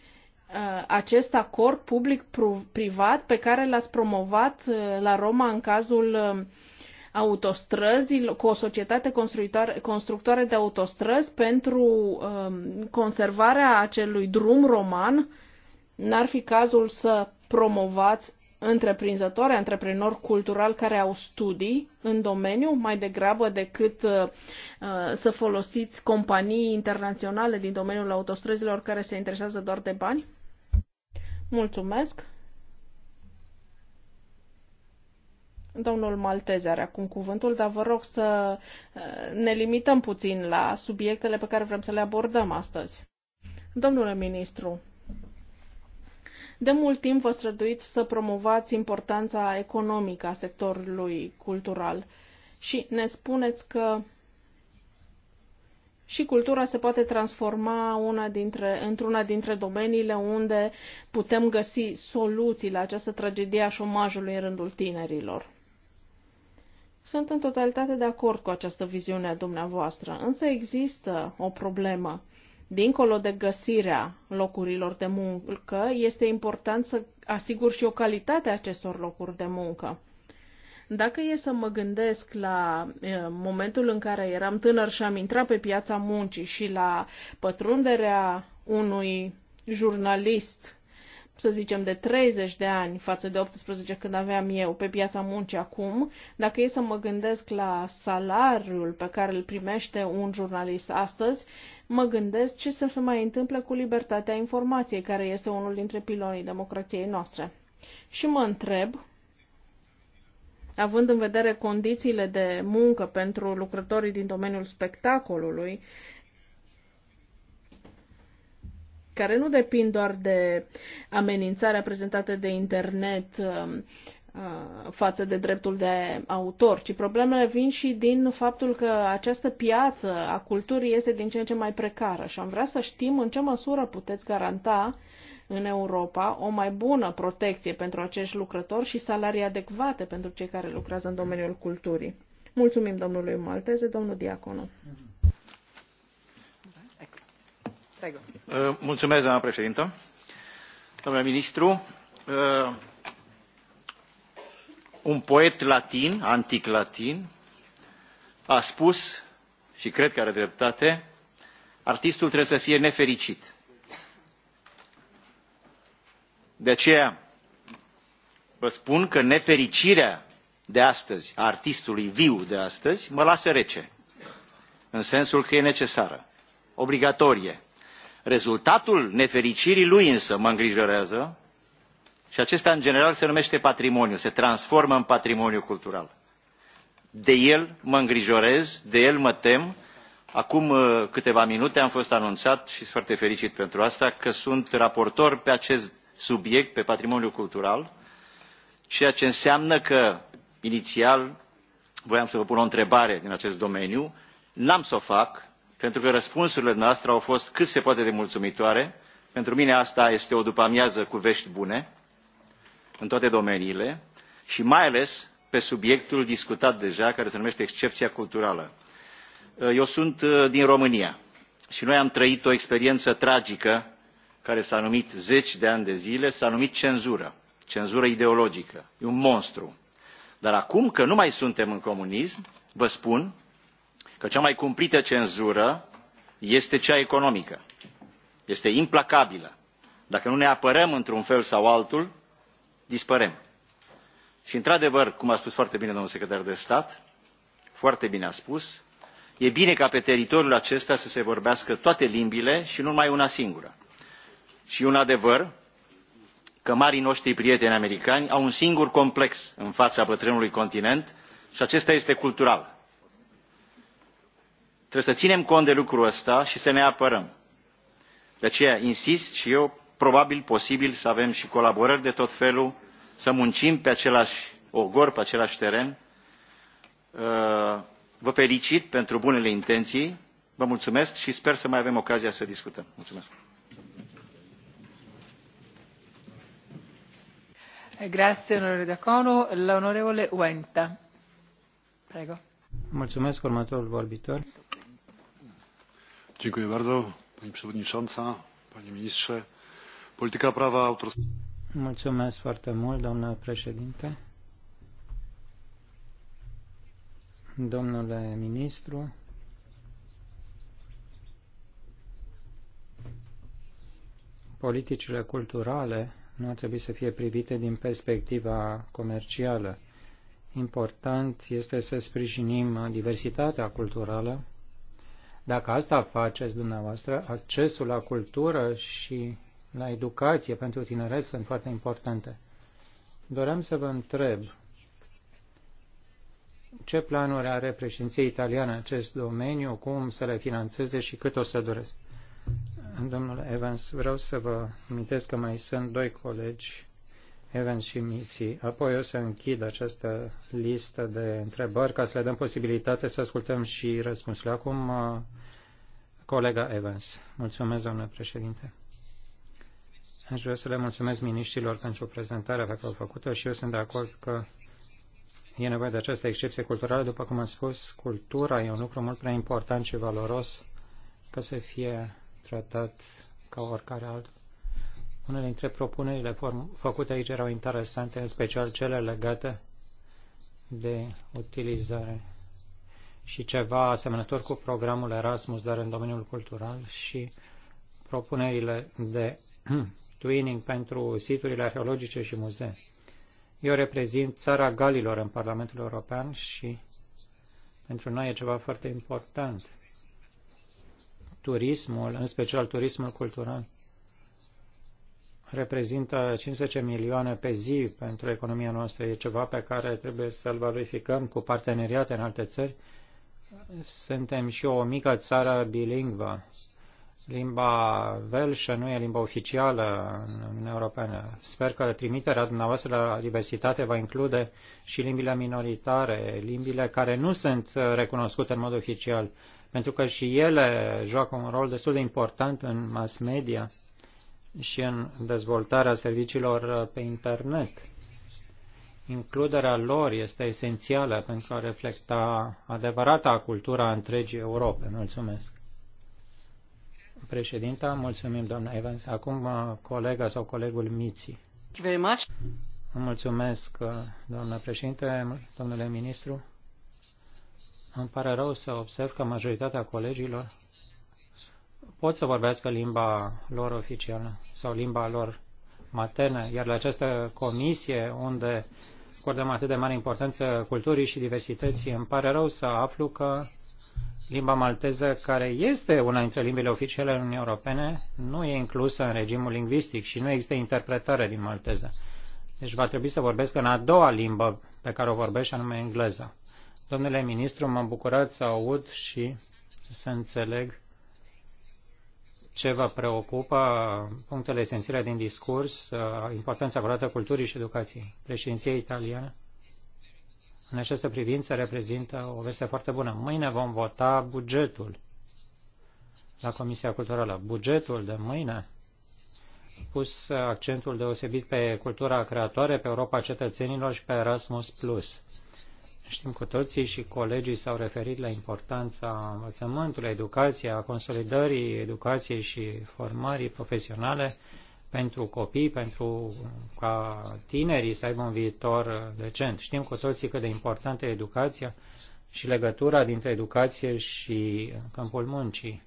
Uh, acest acord public-privat pe care l-ați promovat uh, la Roma în cazul um, autostrăzi, cu o societate constructoare de autostrăzi pentru um, conservarea acelui drum roman, n-ar fi cazul să promovați întreprinzători, antreprenori culturali care au studii în domeniu, mai degrabă decât uh, uh, să folosiți companii internaționale din domeniul autostrăzilor care se interesează doar de bani? Mulțumesc. Domnul Malteze are acum cuvântul, dar vă rog să eh, ne limităm puțin la subiectele pe care vrem să le abordăm astăzi. Domnule ministru, de mult timp vă străduiți să promovați importanța economică a sectorului cultural și ne spuneți că și cultura se poate transforma una dintre, într-una dintre domeniile unde putem găsi soluții la această tragedie a șomajului în rândul tinerilor. Sunt în totalitate de acord cu această viziune a dumneavoastră, însă există o problemă. Dincolo de găsirea locurilor de muncă, este important să asigur și o calitate a acestor locuri de muncă. Dacă e să mă gândesc la momentul în care eram tânăr și am intrat pe piața muncii și la pătrunderea unui jurnalist, să zicem, de 30 de ani față de 18 când aveam eu pe piața muncii acum, dacă e să mă gândesc la salariul pe care îl primește un jurnalist astăzi, mă gândesc ce să se mai întâmple cu libertatea informației, care este unul dintre pilonii democrației noastre. Și mă întreb având în vedere condițiile de muncă pentru lucrătorii din domeniul spectacolului, care nu depind doar de amenințarea prezentată de internet uh, uh, față de dreptul de autor, ci problemele vin și din faptul că această piață a culturii este din ce în ce mai precară și am vrea să știm în ce măsură puteți garanta uh, în Europa o mai bună protecție pentru acești lucrători și salarii adecvate pentru cei care lucrează în domeniul culturii. Mulțumim domnului Malteze, domnul Diaconu. Eh, mulțumesc, doamna președintă. Domnule ministru, eh, un poet latin, antic latin, a spus, și cred că are dreptate, artistul trebuie să fie nefericit de aceea vă spun că nefericirea de astăzi a artistului viu de astăzi mă lasă rece în sensul că e necesară obligatorie rezultatul nefericirii lui însă mă îngrijorează și acesta în general se numește patrimoniu se transformă în patrimoniu cultural de el mă îngrijorez de el mă tem Acum uh, câteva minute am fost anunțat și sunt foarte fericit pentru asta că sunt raportor pe acest subiect pe patrimoniul cultural, ceea ce înseamnă că, inițial, voiam să vă pun o întrebare din acest domeniu, n-am să o fac, pentru că răspunsurile noastre au fost cât se poate de mulțumitoare. Pentru mine asta este o după-amiază cu vești bune, în toate domeniile, și mai ales pe subiectul discutat deja, care se numește excepția culturală. Eu sunt uh, din România și noi am trăit o experiență tragică care s-a numit zeci de ani de zile, s-a numit cenzură, cenzură ideologică. E un monstru. Dar acum că nu mai suntem în comunism, vă spun că cea mai cumplită cenzură este cea economică. Este implacabilă. Dacă nu ne apărăm într-un fel sau altul, dispărem. Și într-adevăr, cum a spus foarte bine domnul secretar de stat, foarte bine a spus, e bine ca pe teritoriul acesta să se vorbească toate limbile și nu numai una singură și e un adevăr că marii noștri prieteni americani au un singur complex în fața bătrânului continent și acesta este cultural. Trebuie să ținem cont de lucrul ăsta și să ne apărăm. De aceea insist și eu, probabil, posibil să avem și colaborări de tot felul, să muncim pe același ogor, pe același teren. Uh, vă felicit pentru bunele intenții, vă mulțumesc și sper să mai avem ocazia să discutăm. Mulțumesc! Eh, Mulțumesc, următorul vorbitor. pani przewodnicząca, panie ministrze. Polityka prawa autorskiego. Mulțumesc foarte mult, doamnă președinte. Domnule ministru, politicile culturale nu ar trebui să fie privite din perspectiva comercială. Important este să sprijinim diversitatea culturală. Dacă asta faceți dumneavoastră, accesul la cultură și la educație pentru tineret sunt foarte importante. Doream să vă întreb ce planuri are președinția italiană în acest domeniu, cum să le finanțeze și cât o să doresc domnule Evans. Vreau să vă amintesc că mai sunt doi colegi, Evans și Miții. Apoi o să închid această listă de întrebări ca să le dăm posibilitate să ascultăm și răspunsurile. Acum, uh, colega Evans. Mulțumesc, domnule președinte. Aș vrea să le mulțumesc miniștilor pentru prezentarea pe care au făcut-o și eu sunt de acord că e nevoie de această excepție culturală. După cum am spus, cultura e un lucru mult prea important și valoros ca să fie tratat ca oricare alt. Unele dintre propunerile făcute aici erau interesante, în special cele legate de utilizare și ceva asemănător cu programul Erasmus, dar în domeniul cultural și propunerile de twinning pentru siturile arheologice și muzee. Eu reprezint țara Galilor în Parlamentul European și pentru noi e ceva foarte important turismul, în special turismul cultural, reprezintă 15 milioane pe zi pentru economia noastră. E ceva pe care trebuie să-l valorificăm cu parteneriate în alte țări. Suntem și o mică țară bilingvă. Limba velșă nu e limba oficială în Uniunea Europeană. Sper că trimiterea dumneavoastră la diversitate va include și limbile minoritare, limbile care nu sunt recunoscute în mod oficial, pentru că și ele joacă un rol destul de important în mass media și în dezvoltarea serviciilor uh, pe internet. Includerea lor este esențială pentru a reflecta adevărata cultura întregii Europe. Mulțumesc. Președinta, mulțumim, doamna Evans. Acum uh, colega sau colegul Miții. Mulțumesc, uh, doamna președinte, domnule ministru. Îmi pare rău să observ că majoritatea colegilor pot să vorbească limba lor oficială sau limba lor maternă, iar la această comisie unde acordăm atât de mare importanță culturii și diversității, îmi pare rău să aflu că limba malteză, care este una dintre limbile oficiale ale Uniunii Europene, nu e inclusă în regimul lingvistic și nu există interpretare din malteză. Deci va trebui să vorbesc în a doua limbă pe care o vorbesc, anume engleza. Domnule ministru, m-am bucurat să aud și să înțeleg ce vă preocupă, punctele esențiale din discurs, uh, importanța acordată culturii și educației. Președinția italiană, în această privință, reprezintă o veste foarte bună. Mâine vom vota bugetul la Comisia Culturală. Bugetul de mâine pus accentul deosebit pe cultura creatoare, pe Europa cetățenilor și pe Erasmus+. Știm cu toții și colegii s-au referit la importanța învățământului, educației, a consolidării educației și formării profesionale pentru copii, pentru ca tinerii să aibă un viitor decent. Știm cu toții cât de importantă e educația și legătura dintre educație și câmpul muncii.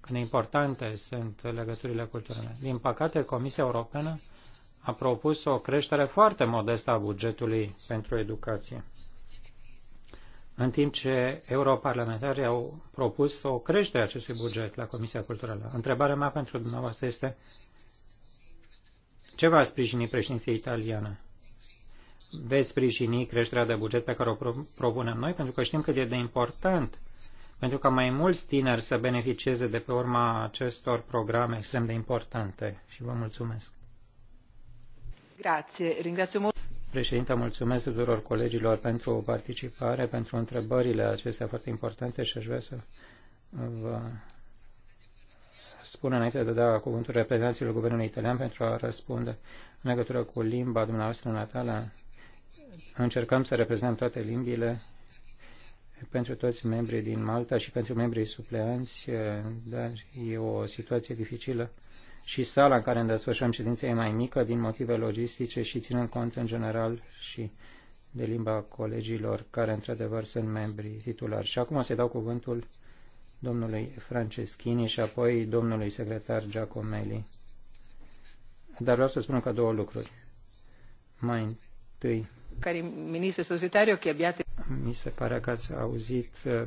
Cât de importante sunt legăturile culturale. Din păcate, Comisia Europeană a propus o creștere foarte modestă a bugetului pentru educație în timp ce europarlamentarii au propus o creștere a acestui buget la Comisia Culturală. Întrebarea mea pentru dumneavoastră este ce va sprijini președinția italiană? Veți sprijini creșterea de buget pe care o propunem noi? Pentru că știm cât e de important pentru ca mai mulți tineri să beneficieze de pe urma acestor programe extrem de importante. Și vă mulțumesc. Grație. Ringrazio Președinte, mulțumesc tuturor colegilor pentru participare, pentru întrebările acestea foarte importante și aș vrea să vă spun înainte de a da cuvântul reprezentanților guvernului italian pentru a răspunde în legătură cu limba dumneavoastră natală. Încercăm să reprezentăm toate limbile pentru toți membrii din Malta și pentru membrii supleanți, dar e o situație dificilă și sala în care ne desfășurăm ședința e mai mică din motive logistice și ținând cont în general și de limba colegilor care într-adevăr sunt membri titulari. Și acum o să-i dau cuvântul domnului Franceschini și apoi domnului secretar Giacomelli. Dar vreau să spun că două lucruri. Mai întâi. Cari ministru societario, che abbiate... Mi se pare că ați auzit uh,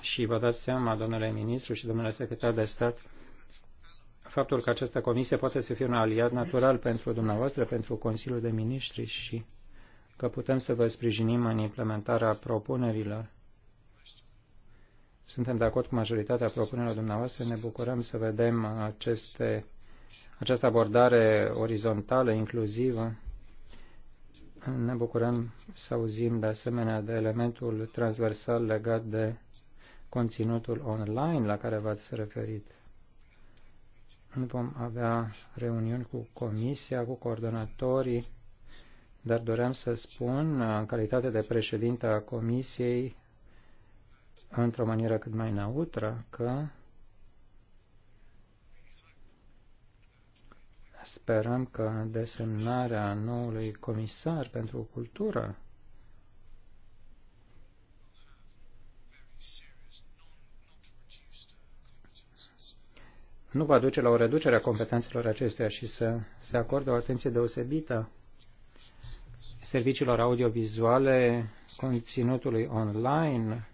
și vă dați seama, domnule ministru și domnule secretar de stat, faptul că această comisie poate să fie un aliat natural pentru dumneavoastră, pentru Consiliul de Ministri și că putem să vă sprijinim în implementarea propunerilor. Suntem de acord cu majoritatea propunerilor dumneavoastră. Ne bucurăm să vedem aceste, această abordare orizontală, inclusivă. Ne bucurăm să auzim de asemenea de elementul transversal legat de conținutul online la care v-ați referit vom avea reuniuni cu comisia, cu coordonatorii, dar doream să spun, în calitate de președinte a comisiei, într-o manieră cât mai neutră, că sperăm că desemnarea noului comisar pentru cultură nu va duce la o reducere a competențelor acestuia și să se acorde o atenție deosebită serviciilor audiovizuale, conținutului online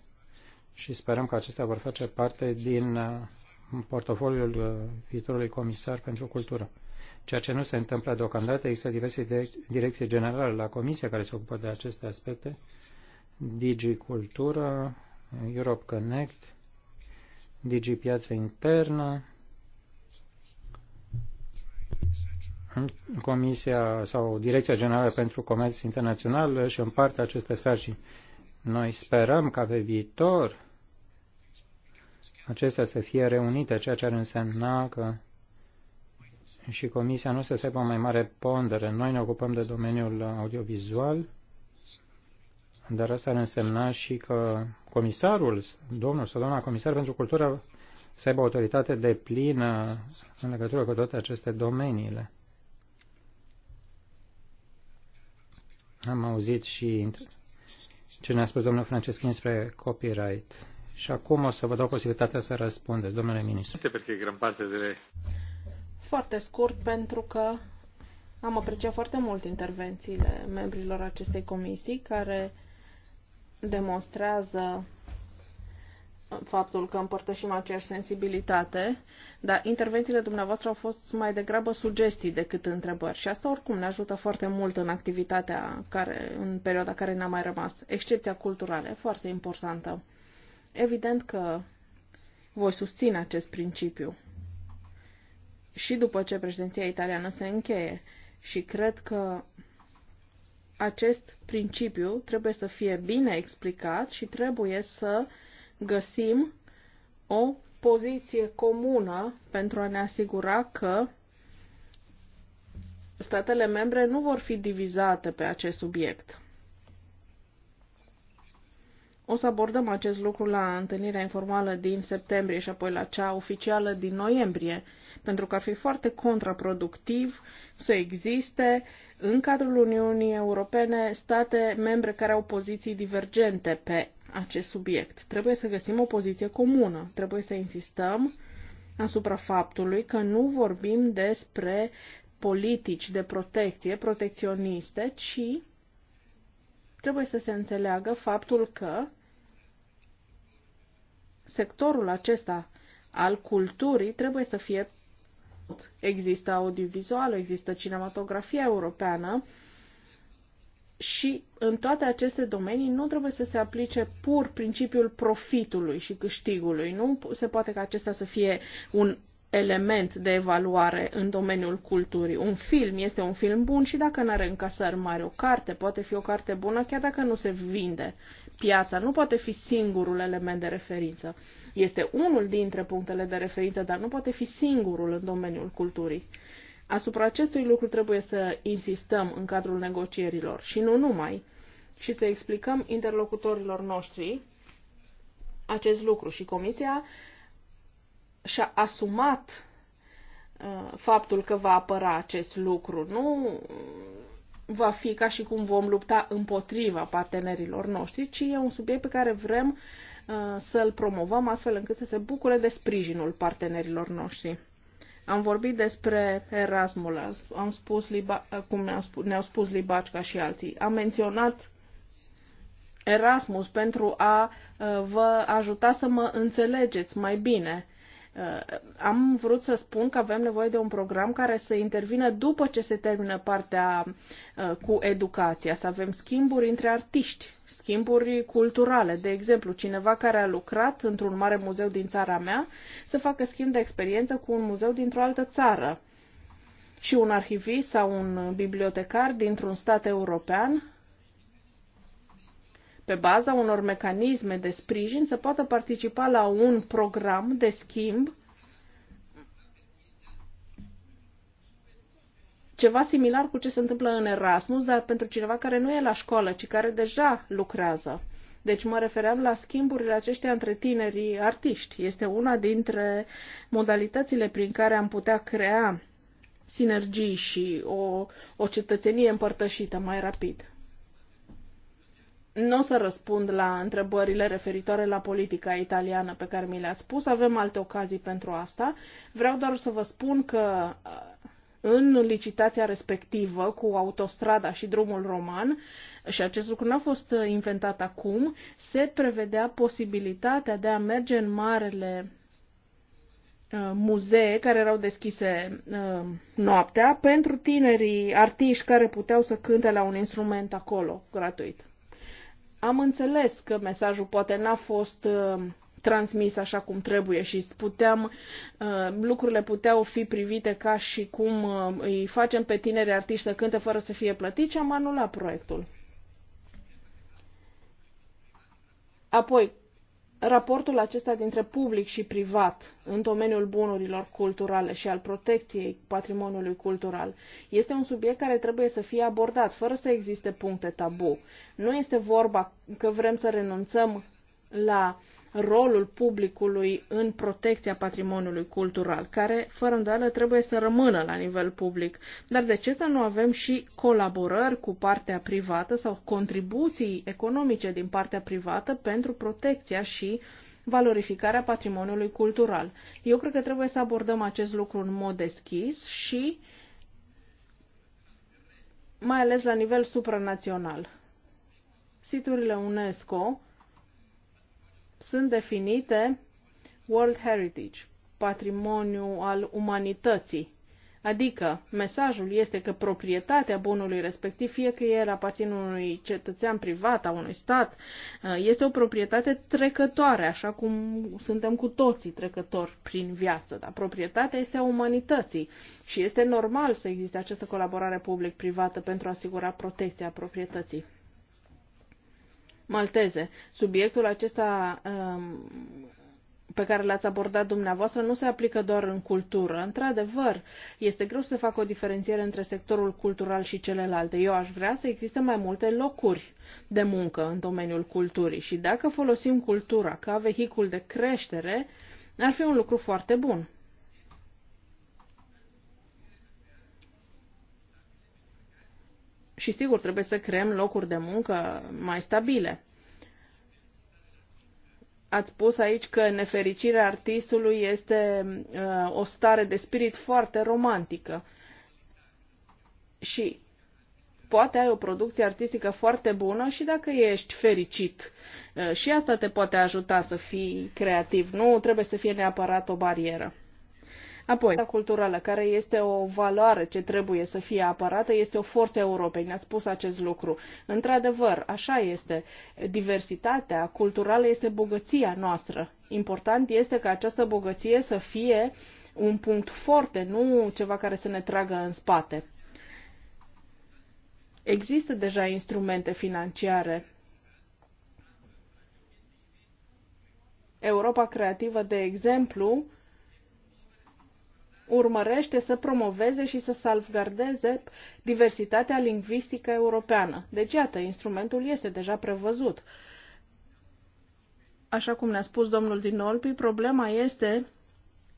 și sperăm că acestea vor face parte din uh, portofoliul uh, viitorului comisar pentru cultură. Ceea ce nu se întâmplă deocamdată, există diverse direcții generale la comisie care se ocupă de aceste aspecte, DIGICULTURA, Europe Connect, DigiPiața Internă, Comisia sau Direcția Generală pentru Comerț Internațional în împarte aceste sarcini. Noi sperăm ca pe viitor acestea să fie reunite, ceea ce ar însemna că și Comisia nu să se aibă mai mare pondere. Noi ne ocupăm de domeniul audiovizual, dar asta ar însemna și că comisarul, domnul sau doamna comisar pentru cultură, să aibă autoritate de plină în legătură cu toate aceste domeniile. Am auzit și ce ne-a spus domnul Franceschin despre copyright. Și acum o să vă dau posibilitatea să răspundeți, domnule ministru. Foarte scurt, pentru că am apreciat foarte mult intervențiile membrilor acestei comisii, care demonstrează faptul că împărtășim aceeași sensibilitate, dar intervențiile dumneavoastră au fost mai degrabă sugestii decât întrebări și asta oricum ne ajută foarte mult în activitatea care, în perioada care ne-a mai rămas. Excepția culturală e foarte importantă. Evident că voi susține acest principiu și după ce președinția italiană se încheie și cred că acest principiu trebuie să fie bine explicat și trebuie să uh, găsim o poziție comună pentru a ne asigura că statele membre nu vor fi divizate pe acest subiect. O să abordăm acest lucru la întâlnirea informală din septembrie și apoi la cea oficială din noiembrie, pentru că ar fi foarte contraproductiv să existe în cadrul Uniunii Europene state membre care au poziții divergente pe acest subiect. Trebuie să găsim o poziție comună, trebuie să insistăm asupra faptului că nu vorbim despre politici de protecție, protecționiste, ci trebuie să se înțeleagă faptul că sectorul acesta al culturii trebuie să fie Există audiovizual, există cinematografia europeană, și în toate aceste domenii nu trebuie să se aplice pur principiul profitului și câștigului. Nu se poate ca acesta să fie un element de evaluare în domeniul culturii. Un film este un film bun și dacă nu are încasări mari, o carte poate fi o carte bună chiar dacă nu se vinde. Piața nu poate fi singurul element de referință. Este unul dintre punctele de referință, dar nu poate fi singurul în domeniul culturii. Asupra acestui lucru trebuie să insistăm în cadrul negocierilor și nu numai, și să explicăm interlocutorilor noștri acest lucru. Și Comisia și-a asumat uh, faptul că va apăra acest lucru. Nu va fi ca și cum vom lupta împotriva partenerilor noștri, ci e un subiect pe care vrem uh, să-l promovăm astfel încât să se bucure de sprijinul partenerilor noștri. Am vorbit despre Erasmus, am spus Liba, cum ne-au spus, ne spus Libacca și alții. Am menționat Erasmus pentru a uh, vă ajuta să mă înțelegeți mai bine Uh, am vrut să spun că avem nevoie de un program care să intervină după ce se termină partea uh, cu educația, să avem schimburi între artiști, schimburi culturale. De exemplu, cineva care a lucrat într-un mare muzeu din țara mea să facă schimb de experiență cu un muzeu dintr-o altă țară și un arhivist sau un bibliotecar dintr-un stat european pe baza unor mecanisme de sprijin, să poată participa la un program de schimb ceva similar cu ce se întâmplă în Erasmus, dar pentru cineva care nu e la școală, ci care deja lucrează. Deci mă refeream la schimburile aceștia între tinerii artiști. Este una dintre modalitățile prin care am putea crea sinergii și o, o cetățenie împărtășită mai rapid. Nu o să răspund la întrebările referitoare la politica italiană pe care mi le a spus, avem alte ocazii pentru asta. Vreau doar să vă spun că uh, în licitația respectivă cu autostrada și drumul roman, și acest lucru nu a fost uh, inventat acum, se prevedea posibilitatea de a merge în marele uh, muzee care erau deschise noaptea pentru tinerii artiști care puteau să cânte la un instrument acolo, gratuit. Am înțeles că mesajul poate n-a fost uh, transmis așa cum trebuie și puteam, uh, lucrurile puteau fi privite ca și cum uh, îi facem pe tineri artiști să cânte fără să fie plătiți și am anulat proiectul. Apoi, raportul acesta dintre public și privat în domeniul bunurilor culturale și al protecției patrimoniului cultural este un subiect care trebuie să fie abordat fără să existe puncte tabu. Nu este vorba că vrem să renunțăm la uh, rolul publicului în protecția patrimoniului cultural, care, fără îndoială, trebuie să rămână la nivel public. Dar de ce să nu avem și colaborări cu partea privată sau contribuții economice din partea privată pentru protecția și valorificarea patrimoniului cultural? Eu cred că trebuie să abordăm acest lucru în mod deschis și mai ales la nivel supranațional. Siturile UNESCO sunt definite World Heritage, patrimoniu al umanității. Adică, mesajul este că proprietatea bunului respectiv, fie că el aparține unui cetățean privat, a unui stat, uh, este o proprietate trecătoare, așa cum suntem cu toții trecători prin viață. Dar proprietatea este a umanității și este normal să existe această colaborare public-privată pentru a asigura protecția proprietății malteze. Subiectul acesta um, pe care l-ați abordat dumneavoastră nu se aplică doar în cultură. Într-adevăr, este greu să fac o diferențiere între sectorul cultural și celelalte. Eu aș vrea să existe mai multe locuri de muncă în domeniul culturii și dacă folosim cultura ca vehicul de creștere, ar fi un lucru foarte bun. Și sigur, trebuie să creăm locuri de muncă mai stabile. Ați spus aici că nefericirea artistului este uh, o stare de spirit foarte romantică. Și poate ai o producție artistică foarte bună și dacă ești fericit. Uh, și asta te poate ajuta să fii creativ. Nu trebuie să fie neapărat o barieră. Apoi, culturală, care este o valoare ce trebuie să fie apărată, este o forță Europei. Ne-ați spus acest lucru. Într-adevăr, așa este. Diversitatea culturală este bogăția noastră. Important este ca această bogăție să fie un punct foarte, nu ceva care să ne tragă în spate. Există deja instrumente financiare Europa Creativă, de exemplu, urmărește să promoveze și să salvgardeze diversitatea lingvistică europeană. Deci, iată, instrumentul este deja prevăzut. Așa cum ne-a spus domnul din Olpi, problema este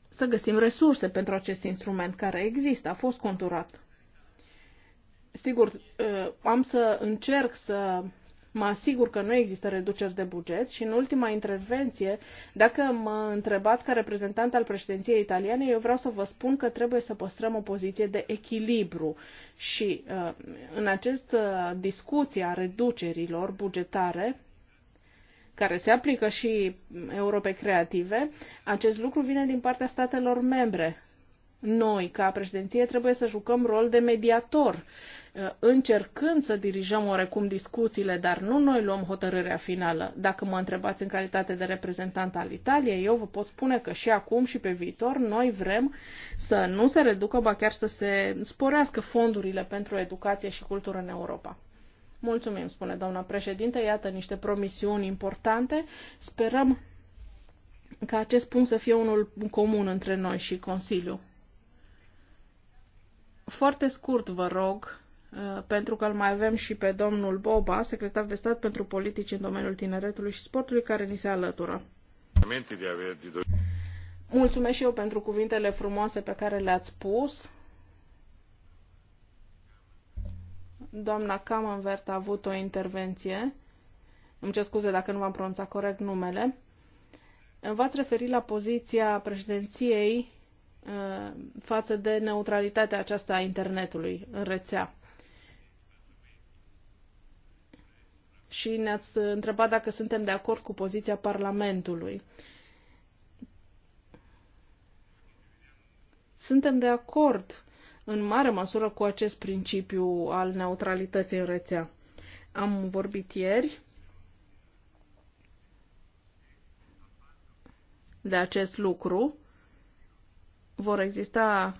să găsim resurse pentru acest instrument care există, a fost conturat. Sigur, ă, am să încerc să mă asigur că nu există reduceri de buget și în ultima intervenție, dacă mă întrebați ca reprezentant al președinției italiene, eu vreau să vă spun că trebuie să păstrăm o poziție de echilibru și uh, în această discuție a reducerilor bugetare, care se aplică și Europe creative, acest lucru vine din partea statelor membre. Noi, ca președinție, trebuie să jucăm rol de mediator Uh, încercând să dirijăm oarecum discuțiile, dar nu noi luăm hotărârea finală. Dacă mă întrebați în calitate de reprezentant al Italiei, eu vă pot spune că și acum și pe viitor noi vrem să nu se reducă, ba chiar să se sporească fondurile pentru educație și cultură în Europa. Mulțumim, spune doamna președinte. Iată niște promisiuni importante. Sperăm ca acest punct să fie unul comun între noi și Consiliu. Foarte scurt, vă rog, Uh, pentru că îl mai avem și pe domnul Boba, secretar de stat pentru politici în domeniul tineretului și sportului, care ni se alătură. Mulțumesc și eu pentru cuvintele frumoase pe care le-ați spus. Doamna Camenvert a avut o intervenție. Îmi cer scuze dacă nu v-am pronunțat corect numele. V-ați referit la poziția președinției uh, față de neutralitatea aceasta a internetului în rețea. și ne-ați întrebat dacă suntem de acord cu poziția Parlamentului. Suntem de acord în mare măsură cu acest principiu al neutralității în rețea. Am vorbit ieri de acest lucru. Vor exista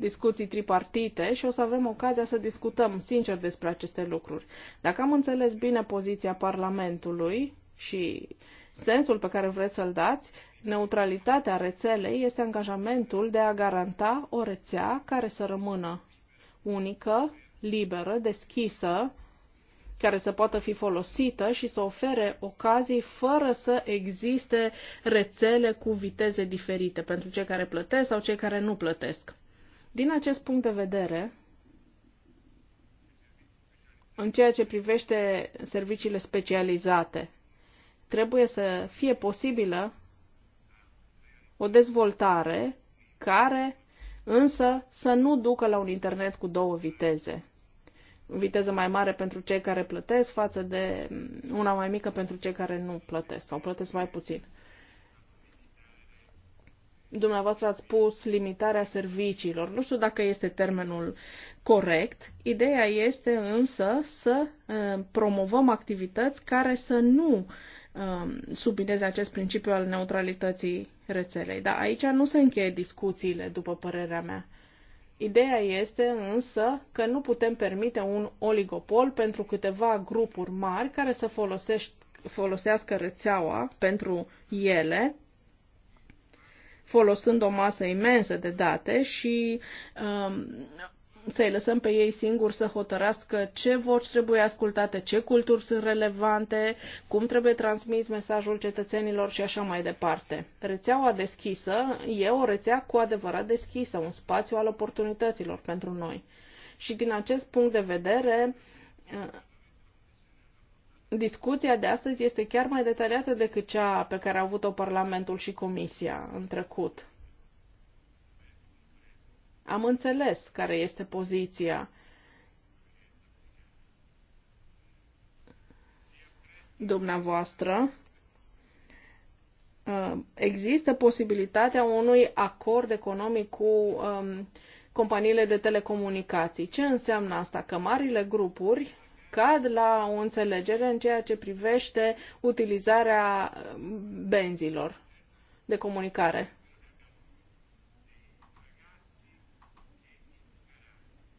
discuții tripartite și o să avem ocazia să discutăm sincer despre aceste lucruri. Dacă am înțeles bine poziția Parlamentului și sensul pe care vreți să-l dați, neutralitatea rețelei este angajamentul de a garanta o rețea care să rămână unică, liberă, deschisă, care să poată fi folosită și să ofere ocazii fără să existe rețele cu viteze diferite pentru cei care plătesc sau cei care nu plătesc. Din acest punct de vedere, în ceea ce privește serviciile specializate, trebuie să fie posibilă o dezvoltare care însă să nu ducă la un internet cu două viteze. Viteză mai mare pentru cei care plătesc față de una mai mică pentru cei care nu plătesc sau plătesc mai puțin dumneavoastră ați spus limitarea serviciilor. Nu știu dacă este termenul corect. Ideea este însă să uh, promovăm activități care să nu um, submineze acest principiu al neutralității rețelei. Dar aici nu se încheie discuțiile, după părerea mea. Ideea este însă că nu putem permite un oligopol pentru câteva grupuri mari care să folosești, folosească rețeaua pentru ele, folosind o masă imensă de date și um, să-i lăsăm pe ei singuri să hotărească ce voci trebuie ascultate, ce culturi sunt relevante, cum trebuie transmis mesajul cetățenilor și așa mai departe. Rețeaua deschisă e o rețea cu adevărat deschisă, un spațiu al oportunităților pentru noi. Și din acest punct de vedere, discuția de astăzi este chiar mai detaliată decât cea pe care a avut-o Parlamentul și Comisia în trecut. Am înțeles care este poziția. Dumneavoastră, uh, există posibilitatea unui acord economic cu um, companiile de telecomunicații. Ce înseamnă asta? Că marile grupuri cad la o înțelegere în ceea ce privește utilizarea um, benzilor de comunicare.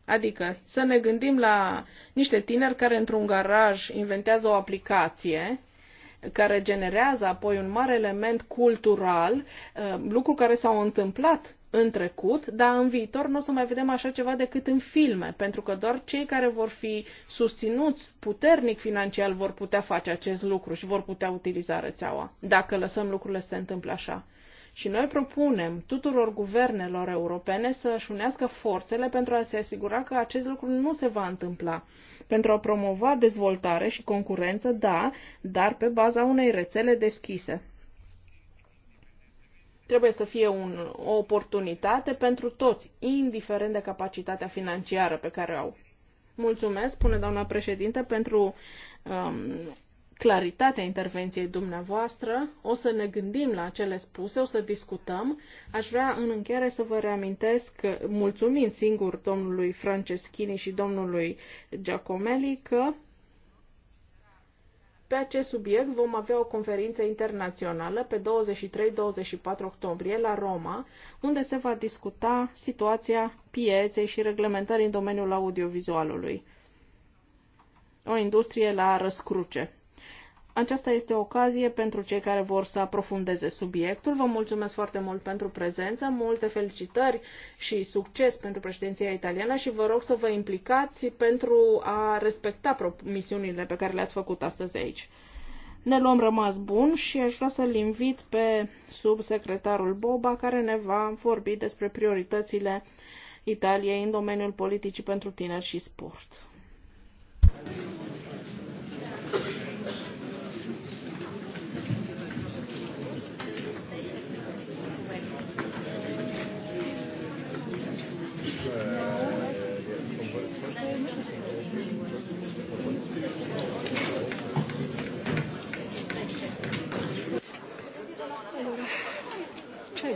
Adică să ne gândim la niște tineri care într-un garaj inventează o aplicație care generează apoi un mare element cultural, um, lucru care s-a întâmplat în trecut, dar în viitor nu o să mai vedem așa ceva decât în filme, pentru că doar cei care vor fi susținuți puternic financiar vor putea face acest lucru și vor putea utiliza rețeaua, dacă lăsăm lucrurile să se întâmple așa. Și noi propunem tuturor guvernelor europene să își unească forțele pentru a se asigura că acest lucru nu se va întâmpla, pentru a promova dezvoltare și concurență, da, dar pe baza unei rețele deschise. Trebuie să fie un, o oportunitate pentru toți, indiferent de capacitatea financiară pe care o au. Mulțumesc, spune doamna președinte, pentru um, claritatea intervenției dumneavoastră. O să ne gândim la cele spuse, o să discutăm. Aș vrea în încheiere să vă reamintesc, mulțumind singur domnului Franceschini și domnului Giacomelli, că pe acest subiect vom avea o conferință internațională pe 23-24 octombrie la Roma, unde se va discuta situația pieței și reglementării în domeniul audiovizualului. O industrie la răscruce aceasta este o ocazie pentru cei care vor să aprofundeze subiectul. Vă mulțumesc foarte mult pentru prezență, multe felicitări și succes pentru președinția italiană și vă rog să vă implicați pentru a respecta promisiunile pe care le-ați făcut astăzi aici. Ne luăm rămas bun și aș vrea să-l invit pe subsecretarul Boba care ne va vorbi despre prioritățile Italiei în domeniul politicii pentru tineri și sport.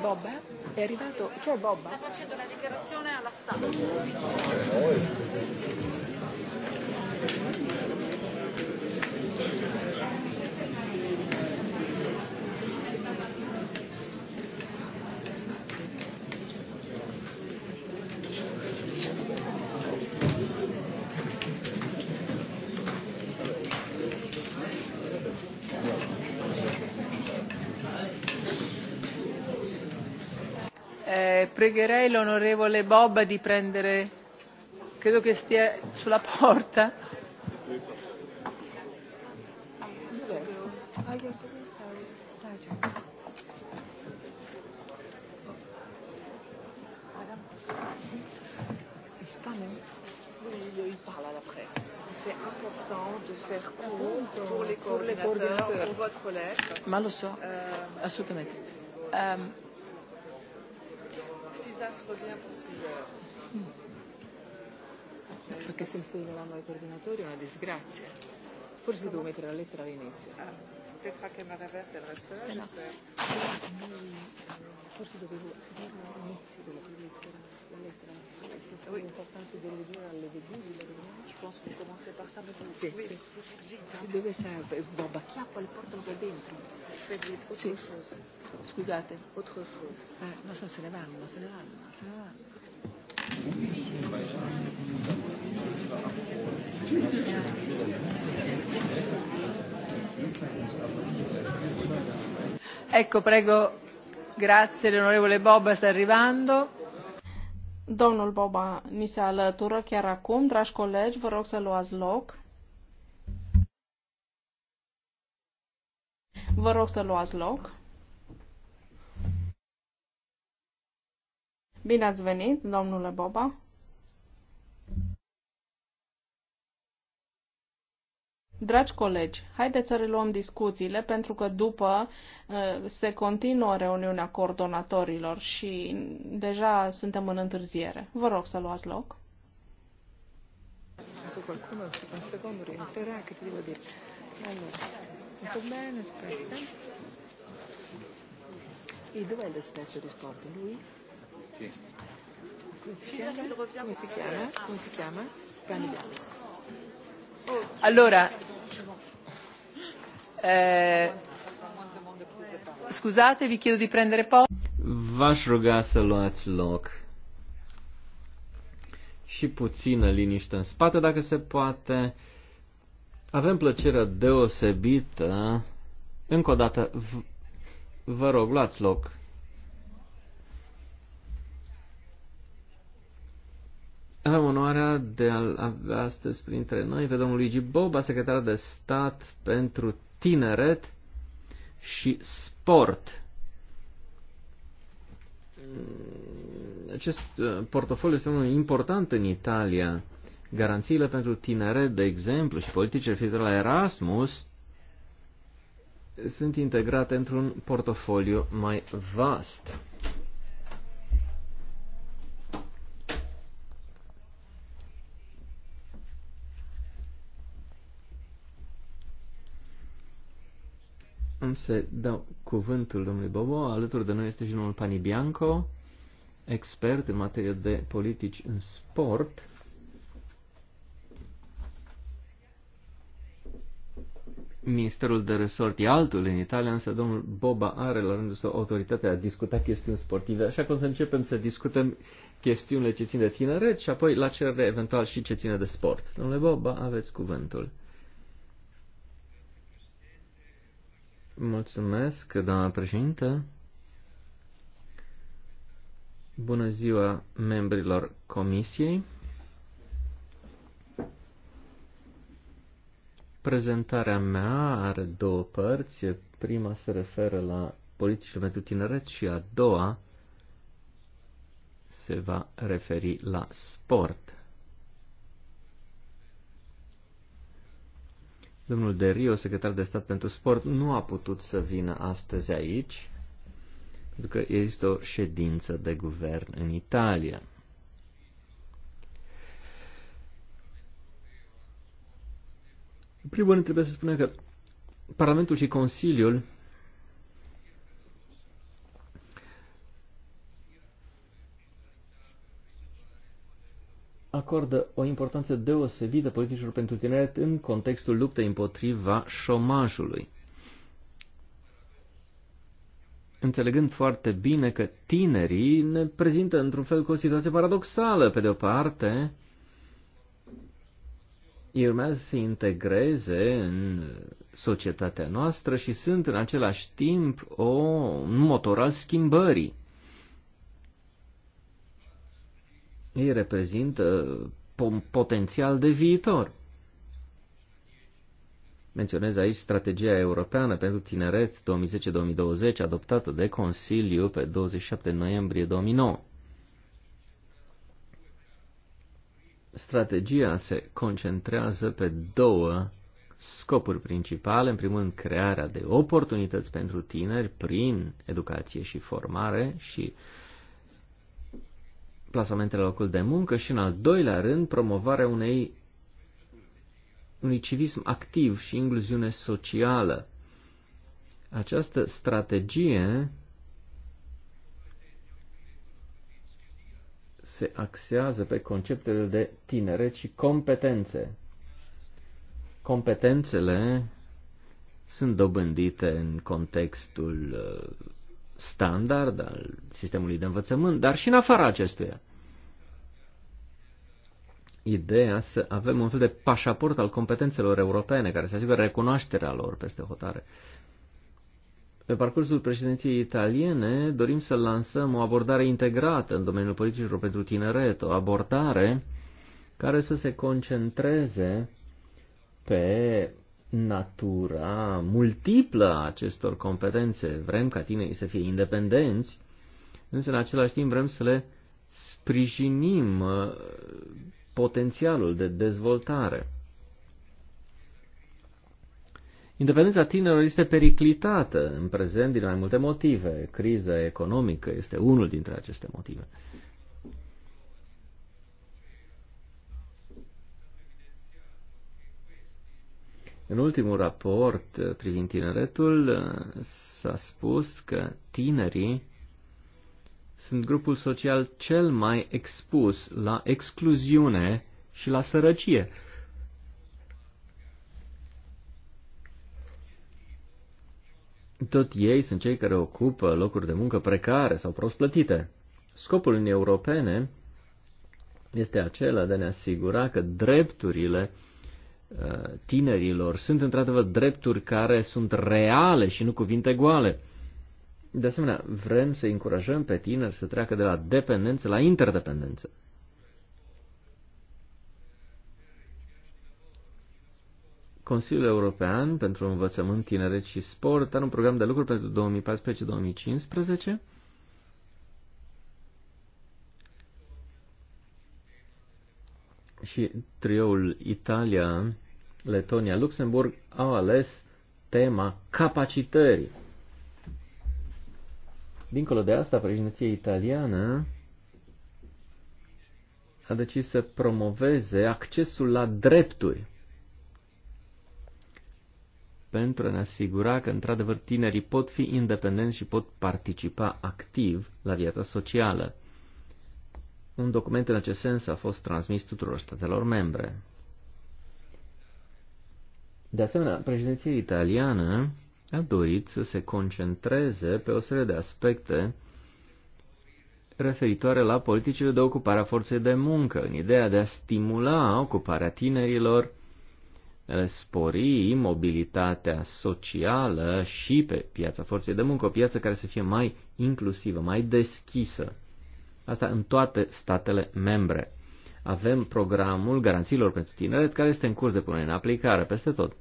Bobba? È arrivato? C'è Bobba? Sta facendo una dichiarazione alla stampa. pregherei l'onorevole Bob di prendere, credo che stia sulla porta. de faire court pour les coordinateurs, pour votre lettre. Ma lo so, euh, assolutamente. Um, Marx revient pour 6 heures. Perché se insegneranno ai coordinatori è una disgrazia. Forse devo mettere la lettera all'inizio. Ah, Petra Camara Verde, il resto là, j'espère forse dovevo dirlo all'inizio della prima lettera, la lettera è oui. importante de dire al début la réunion. Je pense qu'on commençait par ça, mais vous sì, pouvez sì. Dove sta Boba Chiappa? Le portano da dentro. Je vais autre sì. chose. Scusate. Autre chose. Eh, non so se ne vanno, se ne vanno, se ne vanno. Ecco, prego. Grazie, l'onorevole sta arrivando. Domnul Boba ni se alătură chiar acum. Dragi colegi, vă rog să luați loc. Vă rog să luați loc. Bine ați venit, domnule Boba. Dragi colegi, haideți să reluăm discuțiile pentru că după uh, se continuă reuniunea coordonatorilor și deja suntem în întârziere. Vă rog să luați loc. Se qualcuno un secondo rientrerà sport? Lui? Sì. Come si chiama? Come si chiama? Come si chiama? Allora, eh, scuzate, vi chiedo di prendere posto. V-aș ruga să luați loc și puțină liniște în spate, dacă se poate. Avem plăcerea deosebită. Încă o dată, vă rog, luați loc Am onoarea de a avea astăzi printre noi pe domnul Luigi Boba, secretar de stat pentru tineret și sport. Acest uh, portofoliu este unul important în Italia. Garanțiile pentru tineret, de exemplu, și politicile referitoare la Erasmus sunt integrate într-un portofoliu mai vast. Am să dau cuvântul domnului Bobo. Alături de noi este și domnul Pani Bianco, expert în materie de politici în sport. Ministerul de resort e altul în Italia, însă domnul Boba are la rândul său autoritatea a discuta chestiuni sportive, așa că o să începem să discutăm chestiunile ce țin de tineret și apoi la cerere eventual și ce ține de sport. Domnule Boba, aveți cuvântul. Mulțumesc, doamna președintă. Bună ziua membrilor comisiei. Prezentarea mea are două părți. Prima se referă la politicile pentru tineret și a doua se va referi la sport. Domnul De Rio, secretar de stat pentru sport, nu a putut să vină astăzi aici, pentru că există o ședință de guvern în Italia. În primul rând trebuie să spunem că Parlamentul și Consiliul acordă o importanță deosebită politicilor pentru tineret în contextul luptei împotriva șomajului. Înțelegând foarte bine că tinerii ne prezintă într-un fel cu o situație paradoxală, pe de o parte, ei urmează să se integreze în societatea noastră și sunt în același timp o, un motor al schimbării. ei reprezintă uh, potențial de viitor. Menționez aici strategia europeană pentru tineret 2010-2020 adoptată de Consiliu pe 27 noiembrie 2009. Strategia se concentrează pe două scopuri principale. În primul rând, crearea de oportunități pentru tineri prin educație și formare și uh, plasamentele locul de muncă și, în al doilea rând, promovarea unei, unui civism activ și incluziune socială. Această strategie se axează pe conceptele de tineret și competențe. Competențele sunt dobândite în contextul uh, standard al sistemului de învățământ, dar și în afara acestuia ideea să avem un fel de pașaport al competențelor europene care să asigură recunoașterea lor peste hotare. Pe parcursul președinției italiene dorim să lansăm o abordare integrată în domeniul politicilor pentru tineret, o abordare care să se concentreze pe natura multiplă a acestor competențe. Vrem ca tinerii să fie independenți, însă în același timp vrem să le sprijinim potențialul de dezvoltare. Independența tinerilor este periclitată în prezent din mai multe motive. Criza economică este unul dintre aceste motive. În ultimul raport privind tineretul s-a spus că tinerii sunt grupul social cel mai expus la excluziune și la sărăcie. Tot ei sunt cei care ocupă locuri de muncă precare sau prost plătite. Scopul Uniunii Europene este acela de a ne asigura că drepturile uh, tinerilor sunt într-adevăr drepturi care sunt reale și nu cuvinte goale. De asemenea, vrem să încurajăm pe tineri să treacă de la dependență la interdependență. Consiliul European pentru Învățământ, Tineret și Sport are un program de lucru pentru 2014-2015 și trioul Italia, Letonia, Luxemburg au ales tema capacitării Dincolo de asta, președinția italiană a decis să promoveze accesul la drepturi pentru a ne asigura că, într-adevăr, tinerii pot fi independenți și pot participa activ la viața socială. Un document în acest sens a fost transmis tuturor statelor membre. De asemenea, președinția italiană a dorit să se concentreze pe o serie de aspecte referitoare la politicile de ocupare a forței de muncă, în ideea de a stimula ocuparea tinerilor, de a spori mobilitatea socială și pe piața forței de muncă, o piață care să fie mai inclusivă, mai deschisă. Asta în toate statele membre. Avem programul garanțiilor pentru tineret care este în curs de punere în aplicare peste tot.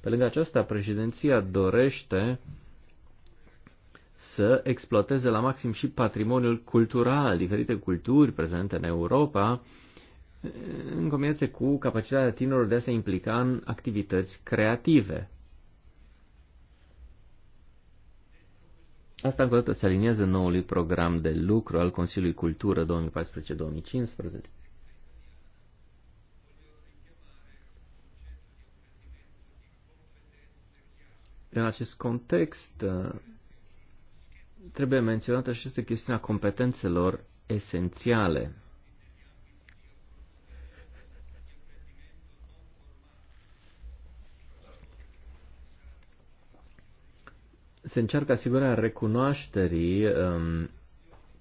Pe lângă aceasta, președinția dorește să exploateze la maxim și patrimoniul cultural, diferite culturi prezente în Europa, în combinație cu capacitatea tinerilor de a se implica în activități creative. Asta încă o dată se aliniază noului program de lucru al Consiliului Cultură 2014-2015. În acest context, uh, trebuie menționată și este chestiunea competențelor esențiale. Se încearcă asigurarea recunoașterii um,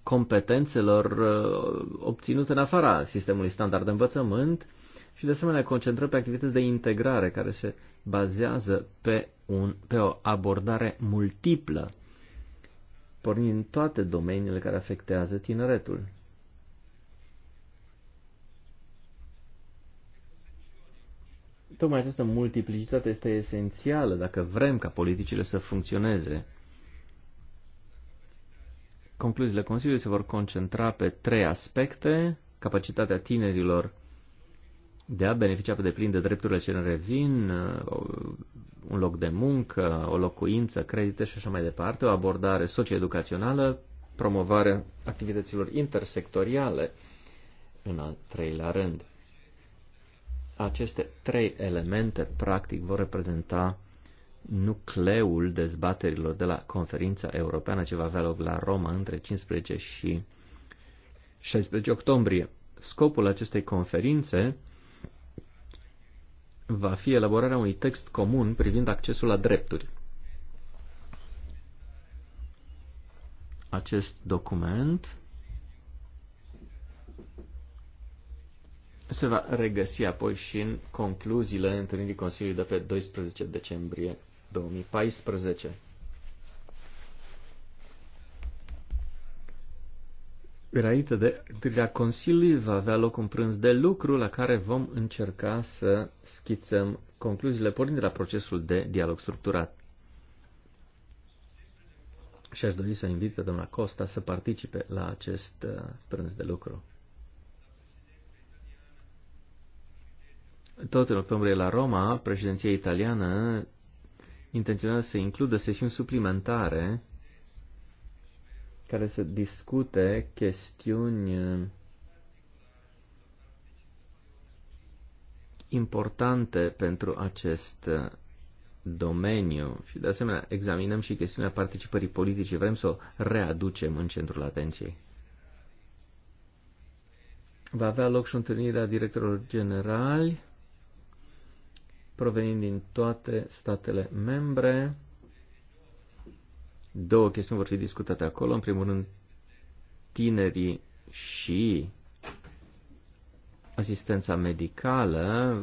competențelor uh, obținute în afara sistemului standard de învățământ, uh, și de asemenea concentrăm pe activități de integrare care se bazează pe, un, pe o abordare multiplă, pornind în toate domeniile care afectează tineretul. Tocmai această multiplicitate este esențială dacă vrem ca politicile să funcționeze. Concluziile Consiliului se vor concentra pe trei aspecte, capacitatea tinerilor de a beneficia pe deplin de drepturile ce ne revin, uh, un loc de muncă, o locuință, credite și așa mai departe, o abordare socioeducațională, promovarea activităților intersectoriale, în al treilea rând. Aceste trei elemente, practic, vor reprezenta nucleul dezbaterilor de la conferința europeană ce va avea loc la Roma între 15 și 16 octombrie. Scopul acestei conferințe va fi elaborarea unui text comun privind accesul la drepturi. Acest document se va regăsi apoi și în concluziile întâlnirii Consiliului de pe 12 decembrie 2014. Înainte de întâlnirea Consiliului va avea loc un prânz de lucru la care vom încerca să schițăm concluziile pornind de la procesul de dialog structurat. Și aș dori să invit pe doamna Costa să participe la acest uh, prânz de lucru. Tot în octombrie la Roma, președinția italiană intenționează să includă sesiuni suplimentare care să discute chestiuni uh, importante pentru acest uh, domeniu și de asemenea examinăm și chestiunea participării politice. Vrem să o readucem în centrul atenției. Va avea loc și întâlnirea directorilor generali provenind din toate statele membre. Două chestiuni vor fi discutate acolo. În primul rând, tinerii și asistența medicală,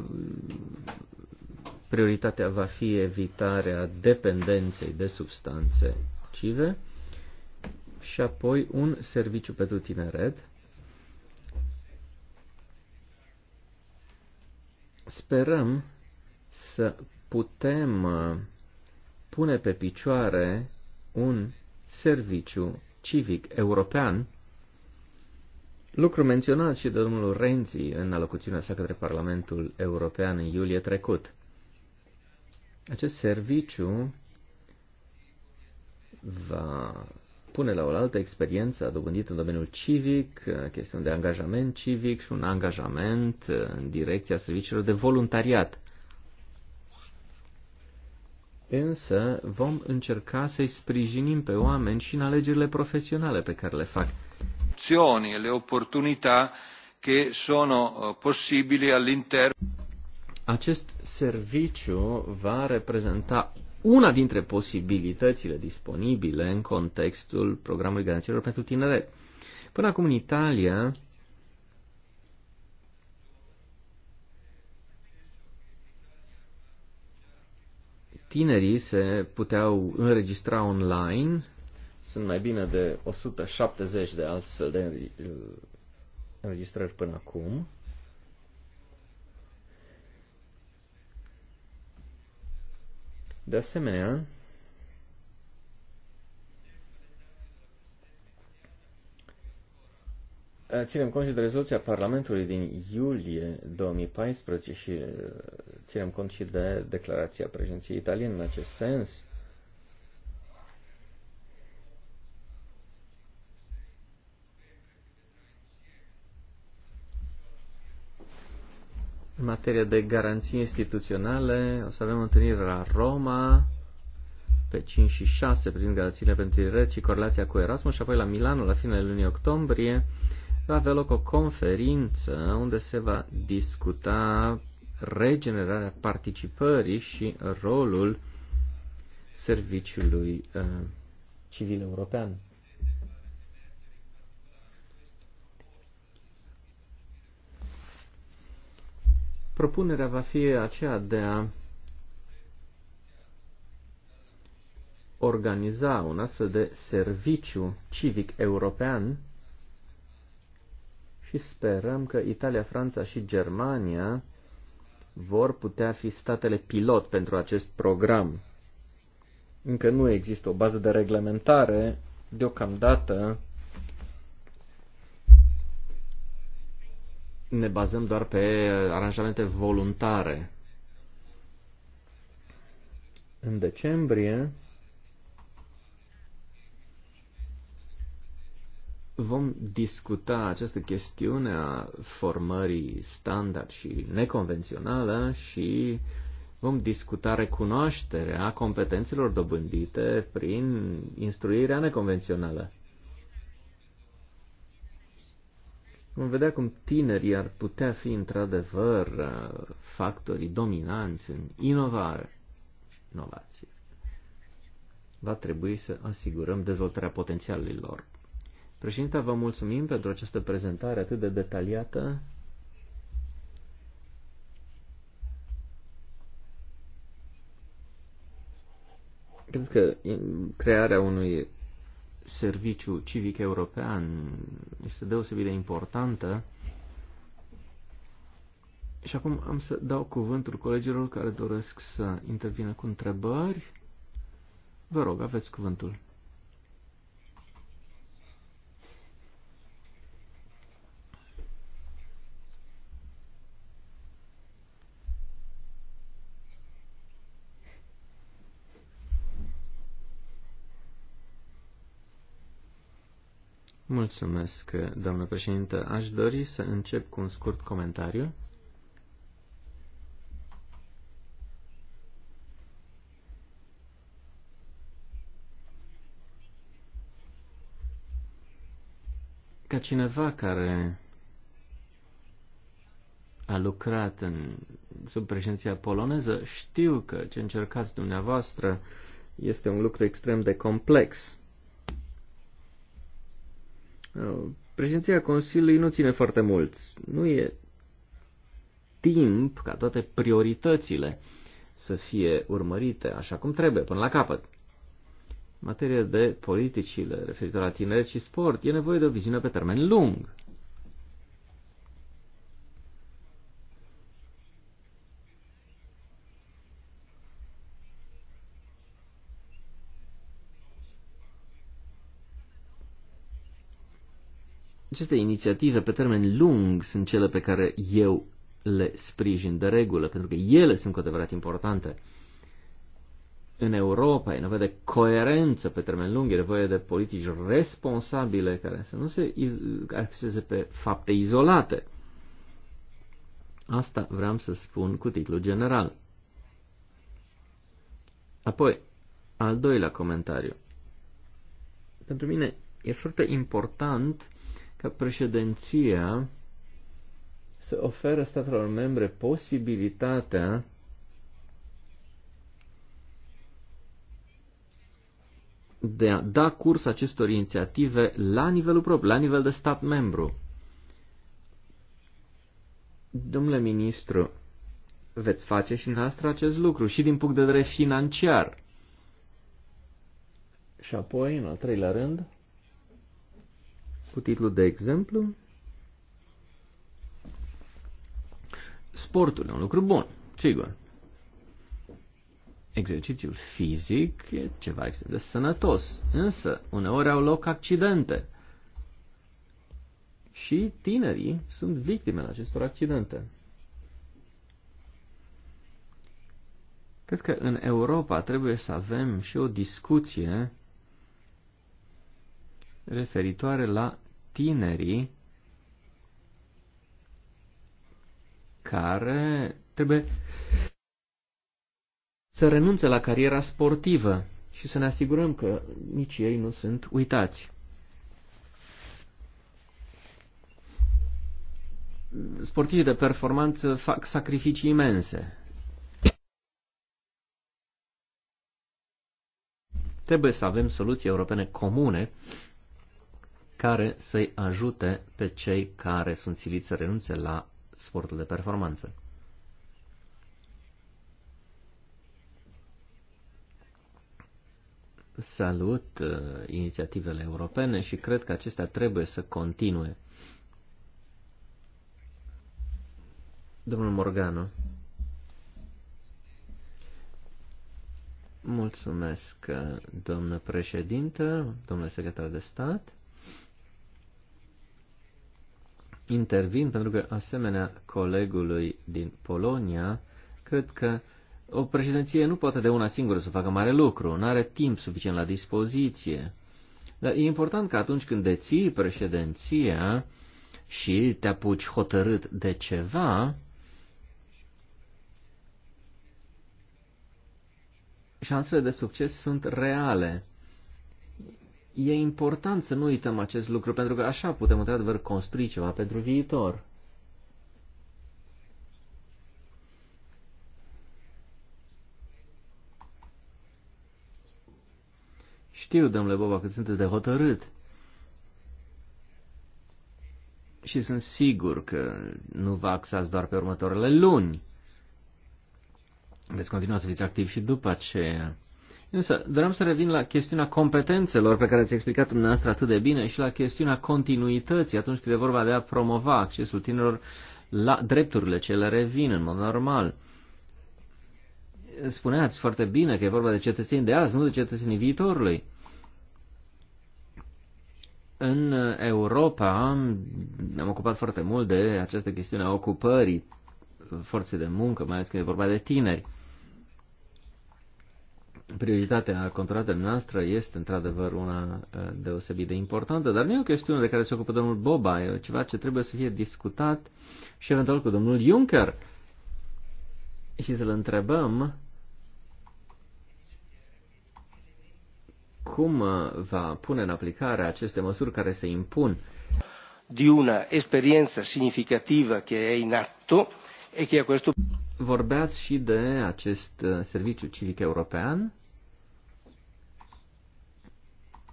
prioritatea va fi evitarea dependenței de substanțe cive și apoi un serviciu pentru tineret. Sperăm să putem uh, pune pe picioare un serviciu civic european, lucru menționat și de domnul Renzi în alocuțiunea sa către Parlamentul European în iulie trecut. Acest serviciu va pune la oaltă experiență, dobândită în domeniul civic, chestiuni de angajament civic și un angajament în direcția serviciilor de voluntariat însă vom încerca să-i sprijinim pe oameni și în alegerile profesionale pe care le fac. le oportunități care sunt eh, posibile all'interno. Acest serviciu va reprezenta una dintre posibilitățile disponibile în contextul programului garanților pentru tineret. Până acum în Italia, tinerii se puteau înregistra online. Sunt mai bine de 170 de astfel de uh, înregistrări până acum. De asemenea, Eh, ținem cont și de rezoluția Parlamentului din iulie 2014 și eh, ținem cont și de declarația președinției italiene în acest sens. În materie de garanții instituționale, o să avem întâlnire la Roma pe 5 și 6 prin garanțiile pentru tineret și corelația cu Erasmus și apoi la Milano la finele lunii octombrie va avea loc o conferință unde se va discuta regenerarea participării și rolul serviciului uh, civil european. Propunerea va fi aceea de a organiza un astfel de serviciu civic european și sperăm că Italia, Franța și Germania vor putea fi statele pilot pentru acest program. Încă nu există o bază de reglementare deocamdată ne bazăm doar pe aranjamente voluntare. În decembrie vom discuta această chestiune a formării standard și neconvențională și vom discuta recunoașterea competențelor dobândite prin instruirea neconvențională. Vom vedea cum tinerii ar putea fi într-adevăr factorii dominanți în inovare, inovație. Va trebui să asigurăm dezvoltarea potențialului lor. Președinte, vă mulțumim pentru această prezentare atât de detaliată. Cred că crearea unui serviciu civic european este deosebit de importantă. Și acum am să dau cuvântul colegilor care doresc să intervină cu întrebări. Vă rog, aveți cuvântul. Mulțumesc, doamnă președintă. Aș dori să încep cu un scurt comentariu. Ca cineva care a lucrat în, sub președinția poloneză, știu că ce încercați dumneavoastră este un lucru extrem de complex. Uh, președinția Consiliului nu ține foarte mult. Nu e timp ca toate prioritățile să fie urmărite așa cum trebuie, până la capăt. În materie de politicile referitoare la tineri și sport, e nevoie de o viziune pe termen lung. Aceste inițiative pe termen lung sunt cele pe care eu le sprijin de regulă, pentru că ele sunt cu adevărat importante. În Europa e nevoie de coerență pe termen lung, e nevoie de politici responsabile care să nu se axeze pe fapte izolate. Asta vreau să spun cu titlu general. Apoi, al doilea comentariu. Pentru mine e foarte important ca președinția să oferă statelor membre posibilitatea de a da curs acestor inițiative la nivelul propriu, la nivel de stat membru. Domnule ministru, veți face și noastră acest lucru și din punct de vedere financiar. Și apoi, în al treilea rând, cu titlul de exemplu. Sportul e un lucru bun, sigur. Exercițiul fizic e ceva extrem de sănătos, însă uneori au loc accidente. Și tinerii sunt victimele acestor accidente. Cred că în Europa trebuie să avem și o discuție referitoare la tinerii care trebuie să renunțe la cariera sportivă și să ne asigurăm că nici ei nu sunt uitați. Sportivii de performanță fac sacrificii imense. Trebuie să avem soluții europene comune care să-i ajute pe cei care sunt siliți să renunțe la sportul de performanță. Salut uh, inițiativele europene și cred că acestea trebuie să continue. Domnul Morgano. Mulțumesc, uh, domnule președinte, domnule secretar de stat. intervin pentru că, asemenea colegului din Polonia, cred că o președinție nu poate de una singură să facă mare lucru, nu are timp suficient la dispoziție. Dar e important că atunci când deții președinția și te apuci hotărât de ceva, șansele de succes sunt reale e important să nu uităm acest lucru, pentru că așa putem într-adevăr construi ceva pentru viitor. Știu, domnule Boba, că sunteți de hotărât. Și sunt sigur că nu vă axați doar pe următoarele luni. Veți continua să fiți activi și după aceea. Însă, doream să revin la chestiunea competențelor pe care ați explicat dumneavoastră atât de bine și la chestiunea continuității atunci când e vorba de a promova accesul tinerilor la drepturile ce le revin în mod normal. Spuneați foarte bine că e vorba de cetățeni de azi, nu de cetățenii viitorului. În Europa ne-am ocupat foarte mult de această chestiune a ocupării forței de muncă, mai ales când e vorba de tineri. Prioritatea contractelor noastră este într-adevăr una uh, deosebit de importantă, dar nu e o chestiune de care se ocupă domnul Boba, e ceva ce trebuie să fie discutat și eventual cu domnul Juncker și să-l întrebăm cum uh, va pune în aplicare aceste măsuri care se impun. Di una esperienza significativa che è in atto e che a questo Vorbeați și de acest uh, serviciu civic european.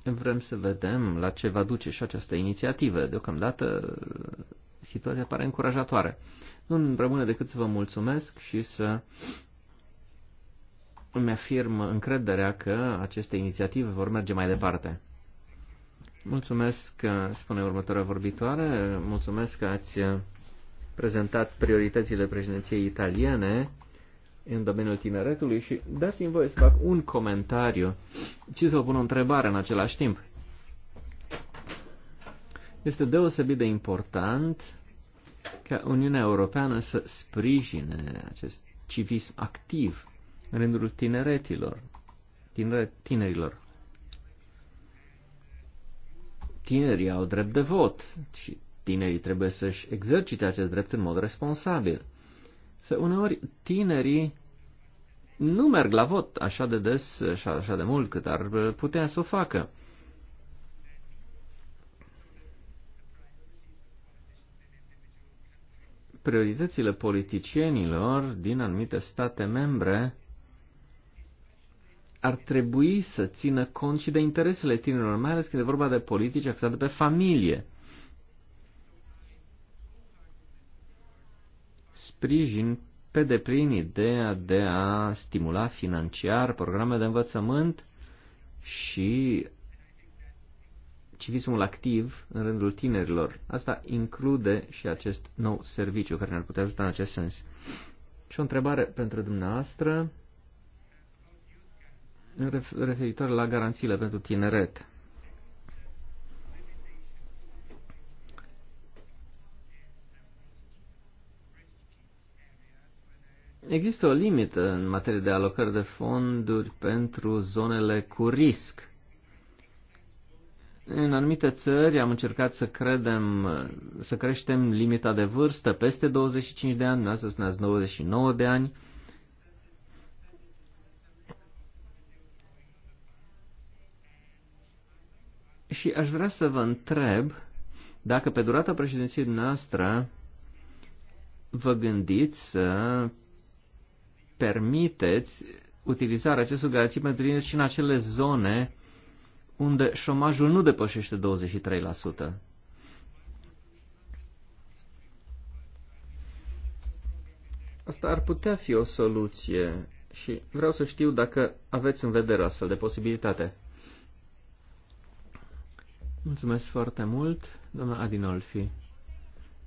Vrem să vedem la ce va duce și această inițiativă. Deocamdată uh, situația pare încurajatoare. Nu îmi rămâne decât să vă mulțumesc și să îmi afirm încrederea că aceste inițiative vor merge mai departe. Mulțumesc, uh, spune următoarea vorbitoare, mulțumesc că ați prezentat prioritățile președinției italiene în domeniul tineretului și dați-mi voie să fac un comentariu și să vă pun o întrebare în același timp. Este deosebit de important ca Uniunea Europeană să sprijine acest civism activ în rândul tineretilor, tineret, tinerilor. Tinerii au drept de vot și tinerii trebuie să-și exercite acest drept în mod responsabil. Să uneori tinerii nu merg la vot așa de des și așa de mult cât ar putea să o facă. Prioritățile politicienilor din anumite state membre ar trebui să țină cont și de interesele tinerilor, mai ales când e vorba de politici axate pe familie. sprijin pe deplin ideea de a stimula financiar programe de învățământ și civismul activ în rândul tinerilor. Asta include și acest nou serviciu care ne-ar putea ajuta în acest sens. Și o întrebare pentru dumneavoastră referitor la garanțiile pentru tineret. Există o limită în materie de alocări de fonduri pentru zonele cu risc. În anumite țări am încercat să credem, să creștem limita de vârstă peste 25 de ani, nu să spuneați 99 de ani. Și aș vrea să vă întreb dacă pe durata președinției noastră vă gândiți să permiteți utilizarea acestui garanții pentru tineri și în acele zone unde șomajul nu depășește 23%. Asta ar putea fi o soluție și vreau să știu dacă aveți în vedere astfel de posibilitate. Mulțumesc foarte mult, doamna Adinolfi.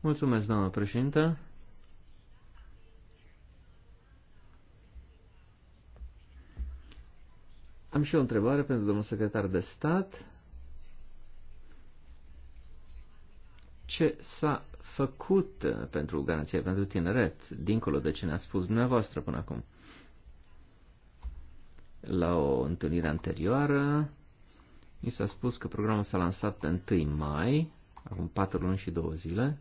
Mulțumesc, doamna președintă. Am și o întrebare pentru domnul secretar de stat. Ce s-a făcut uh, pentru garanție pentru tineret, dincolo de ce ne-a spus dumneavoastră până acum? La o întâlnire anterioară, mi s-a spus că programul s-a lansat pe 1 mai, acum 4 luni și 2 zile.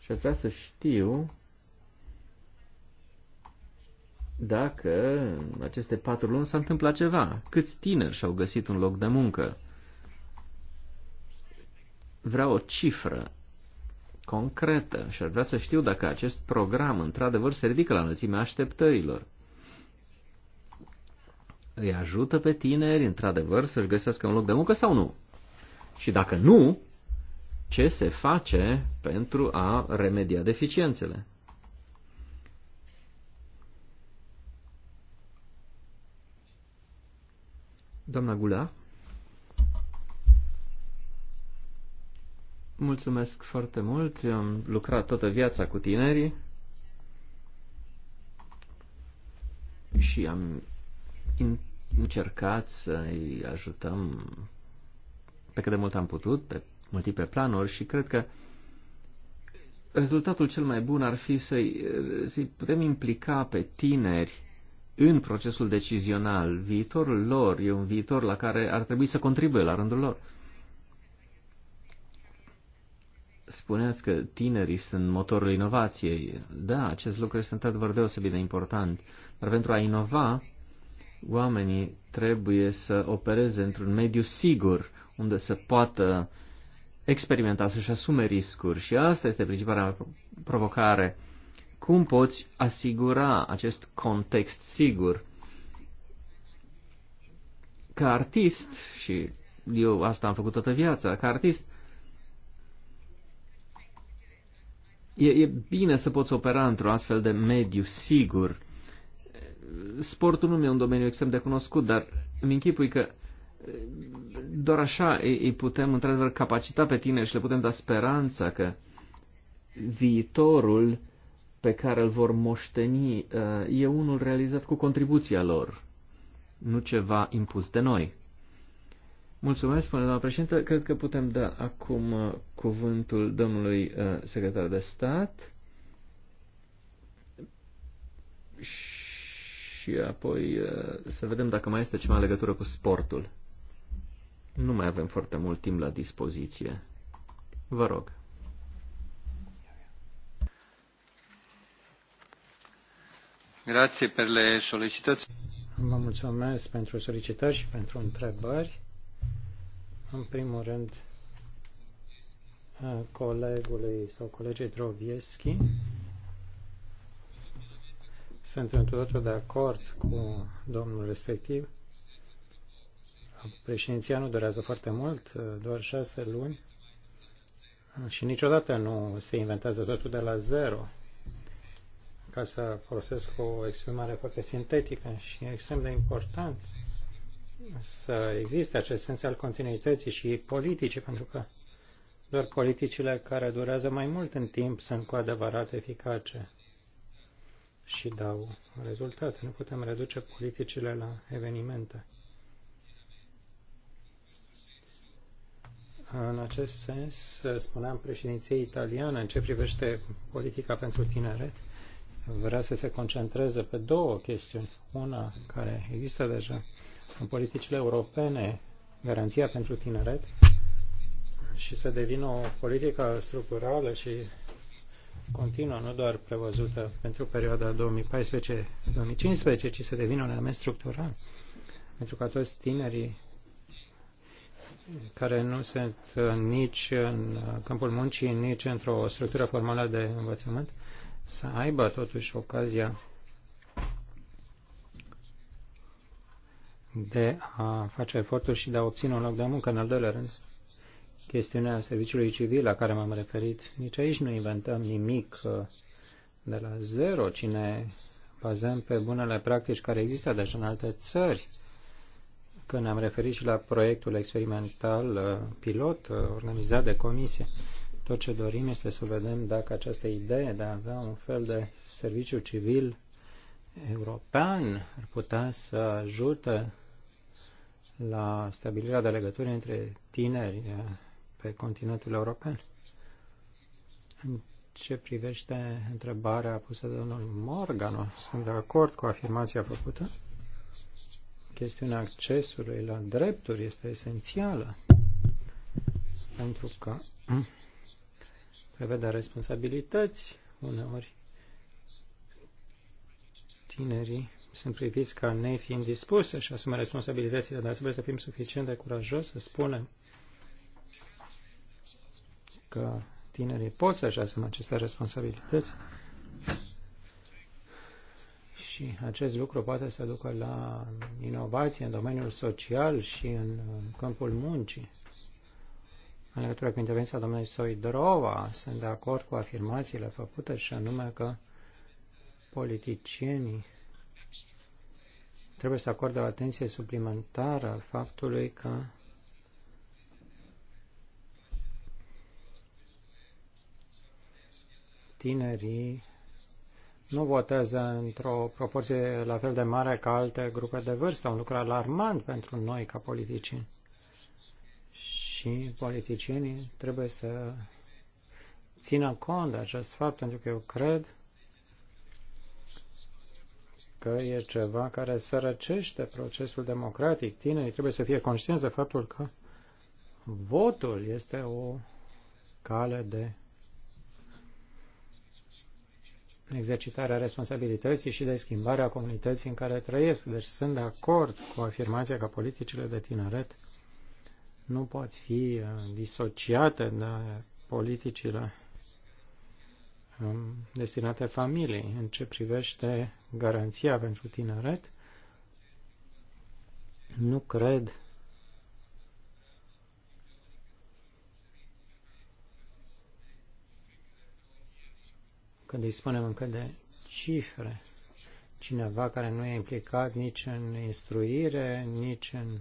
Și aș vrea să știu dacă în aceste patru luni s-a întâmplat ceva. Câți tineri și-au găsit un loc de muncă? Vreau o cifră concretă și ar vrea să știu dacă acest program într-adevăr se ridică la înălțimea așteptărilor. Îi ajută pe tineri într-adevăr să-și găsească un loc de muncă sau nu? Și dacă nu, ce se face pentru a remedia deficiențele? Doamna Gula. Mulțumesc foarte mult. Eu am lucrat toată viața cu tinerii și am încercat să-i ajutăm pe cât de mult am putut, pe multiple planuri și cred că rezultatul cel mai bun ar fi să-i să, să -i putem implica pe tineri în procesul decizional. Viitorul lor e un viitor la care ar trebui să contribuie la rândul lor. Spuneați că tinerii sunt motorul inovației. Da, acest lucru este într-adevăr deosebit de important. Dar pentru a inova, oamenii trebuie să opereze într-un mediu sigur, unde să poată experimenta, să-și asume riscuri. Și asta este principala provocare cum poți asigura acest context sigur? Ca artist, și eu asta am făcut toată viața, ca artist, e, e bine să poți opera într-un astfel de mediu sigur. Sportul nu e un domeniu extrem de cunoscut, dar îmi închipui că doar așa îi putem într-adevăr capacita pe tine și le putem da speranța că viitorul pe care îl vor moșteni uh, e unul realizat cu contribuția lor, nu ceva impus de noi. Mulțumesc, până doamna președintă. Cred că putem da acum uh, cuvântul domnului uh, secretar de stat și apoi să vedem dacă mai este ceva legătură cu sportul. Nu mai avem foarte mult timp la dispoziție. Vă rog. Grazie per le Vă mulțumesc pentru solicitări și pentru întrebări. În primul rând, colegului sau colegii Drovieschi. Sunt într totul de acord cu domnul respectiv. Președinția nu durează foarte mult, doar șase luni și niciodată nu se inventează totul de la zero ca să folosesc o exprimare foarte sintetică și extrem de important să existe acest sens al continuității și politice, pentru că doar politicile care durează mai mult în timp sunt cu adevărat eficace și dau rezultate. Nu putem reduce politicile la evenimente. În acest sens, spuneam președinției italiană în ce privește politica pentru tineret, vrea să se concentreze pe două chestiuni. Una care există deja în politicile europene, garanția pentru tineret, și să devină o politică structurală și continuă, nu doar prevăzută pentru perioada 2014-2015, ci să devină un element structural. Pentru că toți tinerii care nu sunt nici în câmpul muncii, nici într-o structură formală de învățământ, să aibă totuși ocazia de a face eforturi și de a obține un loc de muncă. În al doilea rând, chestiunea serviciului civil la care m-am referit, nici aici nu inventăm nimic uh, de la zero, ci ne bazăm pe bunele practici care există deja în alte țări. Când ne-am referit și la proiectul experimental uh, pilot uh, organizat de comisie, tot ce dorim este să vedem dacă această idee de a avea un fel de serviciu civil european ar putea să ajute la stabilirea de legături între tineri pe continentul european. În ce privește întrebarea pusă de domnul Morgano, sunt de acord cu afirmația făcută. Chestiunea accesului la drepturi este esențială pentru că prevedea responsabilități, uneori tinerii sunt priviți ca ne dispuși dispuse și asume responsabilitățile, dar trebuie să fim suficient de curajos să spunem că tinerii pot să-și asume aceste responsabilități și acest lucru poate să ducă la inovație în domeniul social și în câmpul muncii. În legătură cu intervenția domnului Soidrova, sunt de acord cu afirmațiile făcute și anume că politicienii trebuie să acorde o atenție suplimentară faptului că tinerii nu votează într-o proporție la fel de mare ca alte grupe de vârstă, un lucru alarmant pentru noi ca politicieni și politicienii trebuie să țină cont de acest fapt, pentru că eu cred că e ceva care sărăcește procesul democratic. Tinerii trebuie să fie conștienți de faptul că votul este o cale de exercitarea responsabilității și de schimbarea comunității în care trăiesc. Deci sunt de acord cu afirmația că politicile de tineret nu poți fi uh, disociată de politicile um, destinate familiei în ce privește garanția pentru tineret. Nu cred că dispunem încă de cifre. Cineva care nu e implicat nici în instruire, nici în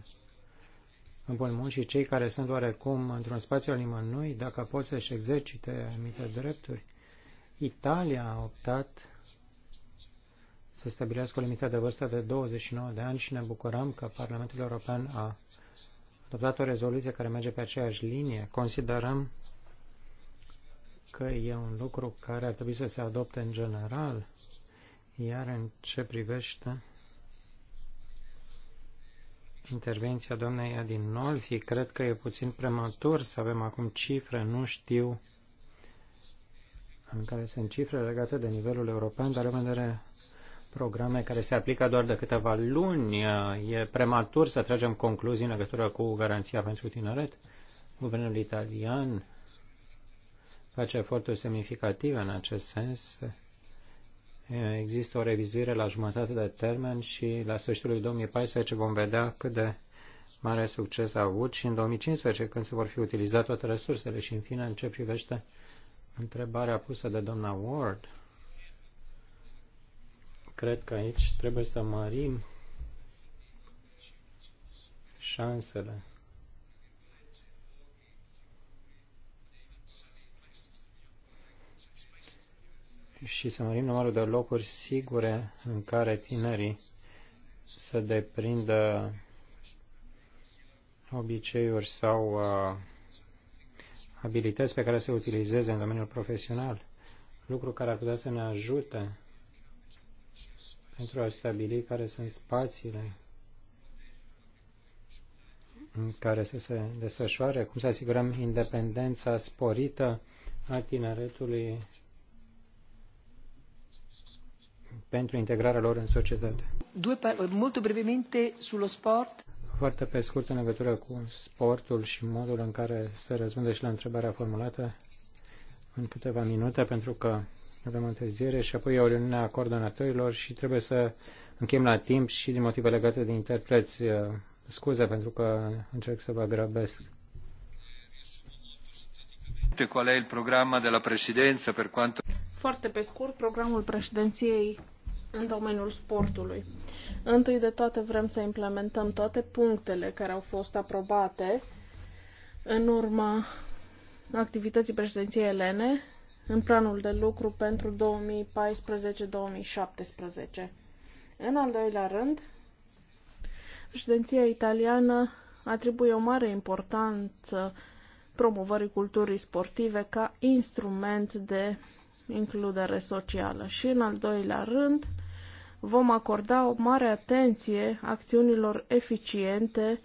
impun și cei care sunt oarecum într-un spațiu al nimănui, dacă pot să-și exercite anumite drepturi. Italia a optat să stabilească o limită de vârstă de 29 de ani și ne bucurăm că Parlamentul European a adoptat o rezoluție care merge pe aceeași linie. Considerăm că e un lucru care ar trebui să se adopte în general, iar în ce privește intervenția doamnei Adinolfi. Cred că e puțin prematur să avem acum cifre, nu știu în care sunt cifre legate de nivelul european, dar în vedere programe care se aplică doar de câteva luni. E prematur să tragem concluzii în legătură cu garanția pentru tineret. Guvernul italian face eforturi semnificative în acest sens există o revizuire la jumătate de termen și la sfârșitul lui 2014 vom vedea cât de mare succes a avut și în 2015 când se vor fi utilizate toate resursele și în fine în ce privește întrebarea pusă de doamna Ward. Cred că aici trebuie să mărim șansele și să mărim numărul de locuri sigure în care tinerii să deprindă obiceiuri sau uh, abilități pe care să utilizeze în domeniul profesional, lucru care ar putea să ne ajute pentru a stabili care sunt spațiile în care să se desfășoare, cum să asigurăm independența sporită a tineretului pentru integrarea lor în societate. Due molto brevemente sullo sport. Foarte pe scurt în legătură cu sportul și modul în care se răspunde și la întrebarea formulată în câteva minute, pentru că avem întârziere și apoi e o reuniune a coordonatorilor și trebuie să închem la timp și din motive legate de interpreți. Uh, scuze pentru că încerc să vă grăbesc. Qual è il programma della Presidenza per quanto... Foarte pe scurt, programul președinției în domeniul sportului. Întâi de toate vrem să implementăm toate punctele care au fost aprobate în urma activității președinției Elene în planul de lucru pentru 2014-2017. În al doilea rând, președinția italiană atribuie o mare importanță promovării culturii sportive ca instrument de includere socială. Și în al doilea rând, vom acorda o mare atenție acțiunilor eficiente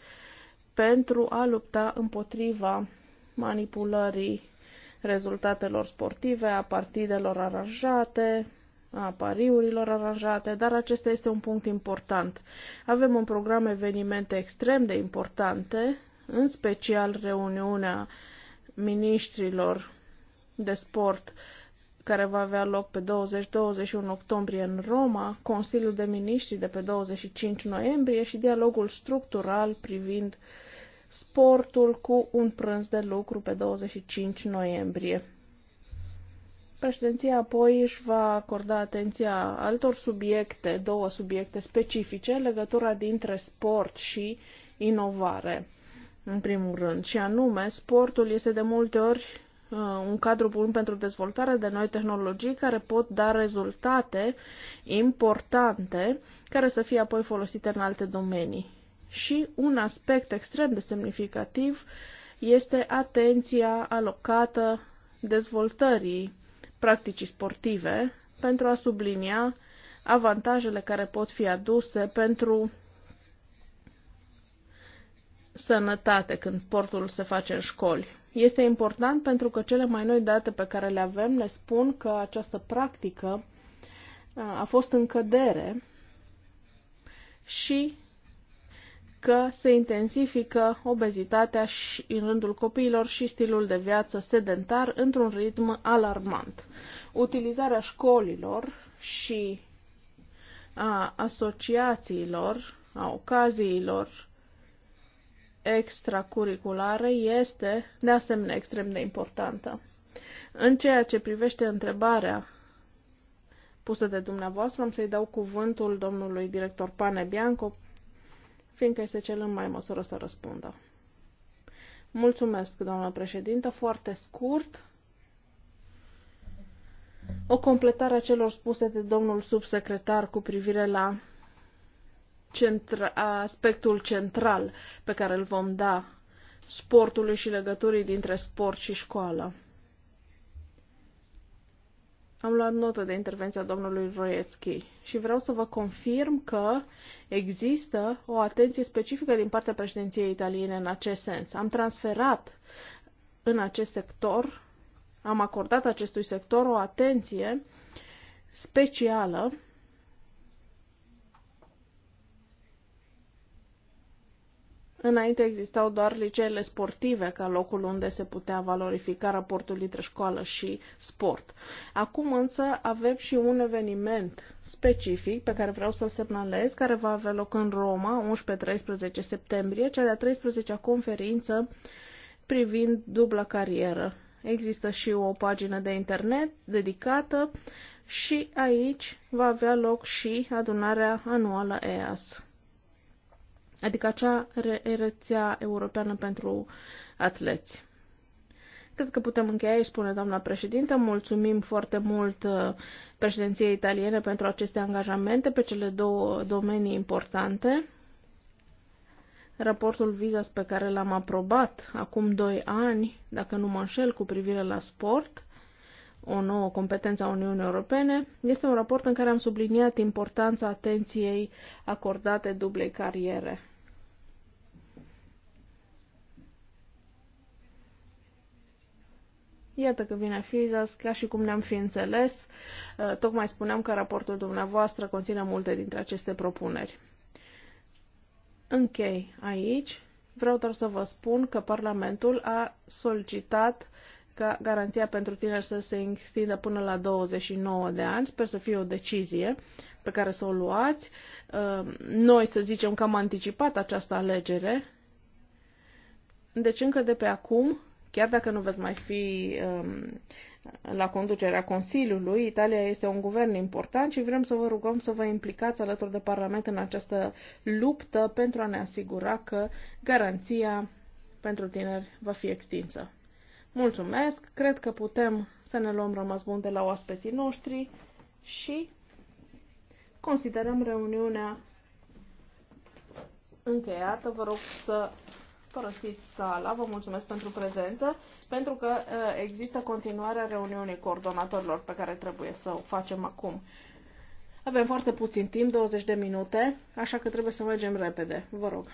pentru a lupta împotriva manipulării rezultatelor sportive, a partidelor aranjate, a pariurilor aranjate, dar acesta este un punct important. Avem un program evenimente extrem de importante, în special reuniunea ministrilor de sport care va avea loc pe 20-21 octombrie în Roma, Consiliul de Miniștri de pe 25 noiembrie și dialogul structural privind sportul cu un prânz de lucru pe 25 noiembrie. Președinția apoi își va acorda atenția altor subiecte, două subiecte specifice, legătura dintre sport și inovare, în primul rând. Și anume, sportul este de multe ori Uh, un cadru bun pentru dezvoltare de noi tehnologii care pot da rezultate importante care să fie apoi folosite în alte domenii. Și un aspect extrem de semnificativ este atenția alocată dezvoltării practicii sportive pentru a sublinia avantajele care pot fi aduse pentru sănătate când sportul se face în școli. Este important pentru că cele mai noi date pe care le avem ne spun că această practică uh, a fost în cădere și că se intensifică obezitatea și, în rândul copiilor și stilul de viață sedentar într-un ritm alarmant. Utilizarea școlilor și a asociațiilor, a ocaziilor extracurriculare este de asemenea extrem de importantă. În ceea ce privește întrebarea pusă de dumneavoastră, am să-i dau cuvântul domnului director Pane Bianco, fiindcă este cel în mai măsură să răspundă. Mulțumesc, doamnă președintă. Foarte scurt, o completare a celor spuse de domnul subsecretar cu privire la centra, aspectul central pe care îl vom da sportului și legăturii dintre sport și școală. Am luat notă de intervenția domnului Roiețchi și vreau să vă confirm că există o atenție specifică din partea președinției italiene în acest sens. Am transferat în acest sector, am acordat acestui sector o atenție specială Înainte existau doar liceele sportive ca locul unde se putea valorifica raportul dintre școală și sport. Acum însă avem și un eveniment specific pe care vreau să-l semnalez, care va avea loc în Roma, 11-13 septembrie, cea de-a 13-a conferință privind dubla carieră. Există și o pagină de internet dedicată și aici va avea loc și adunarea anuală EAS adică acea re- rețea europeană pentru atleți. Cred că putem încheia îi spune doamna președintă. Mulțumim foarte mult uh, președinției italiene pentru aceste angajamente pe cele două domenii importante. Raportul Vizas pe care l-am aprobat acum doi ani, dacă nu mă înșel, cu privire la sport, o nouă competență a Uniunii Europene, este un raport în care am subliniat importanța atenției acordate dublei cariere. Iată că vine Fizas, ca și cum ne-am fi înțeles. Uh, tocmai spuneam că raportul dumneavoastră conține multe dintre aceste propuneri. Închei aici. Vreau doar să vă spun că Parlamentul a solicitat ca garanția pentru tineri să se extindă până la 29 de ani. Sper să fie o decizie pe care să o luați. Uh, noi, să zicem că am anticipat această alegere. Deci, încă de pe acum, Chiar dacă nu veți mai fi um, la conducerea Consiliului, Italia este un guvern important și vrem să vă rugăm să vă implicați alături de Parlament în această luptă pentru a ne asigura că garanția pentru tineri va fi extinsă. Mulțumesc, cred că putem să ne luăm rămas bun de la oaspeții noștri și considerăm reuniunea încheiată. Vă rog să părăsiți sala, vă mulțumesc pentru prezență, pentru că uh, există continuarea reuniunii coordonatorilor pe care trebuie să o facem acum. Avem foarte puțin timp, 20 de minute, așa că trebuie să mergem repede. Vă rog.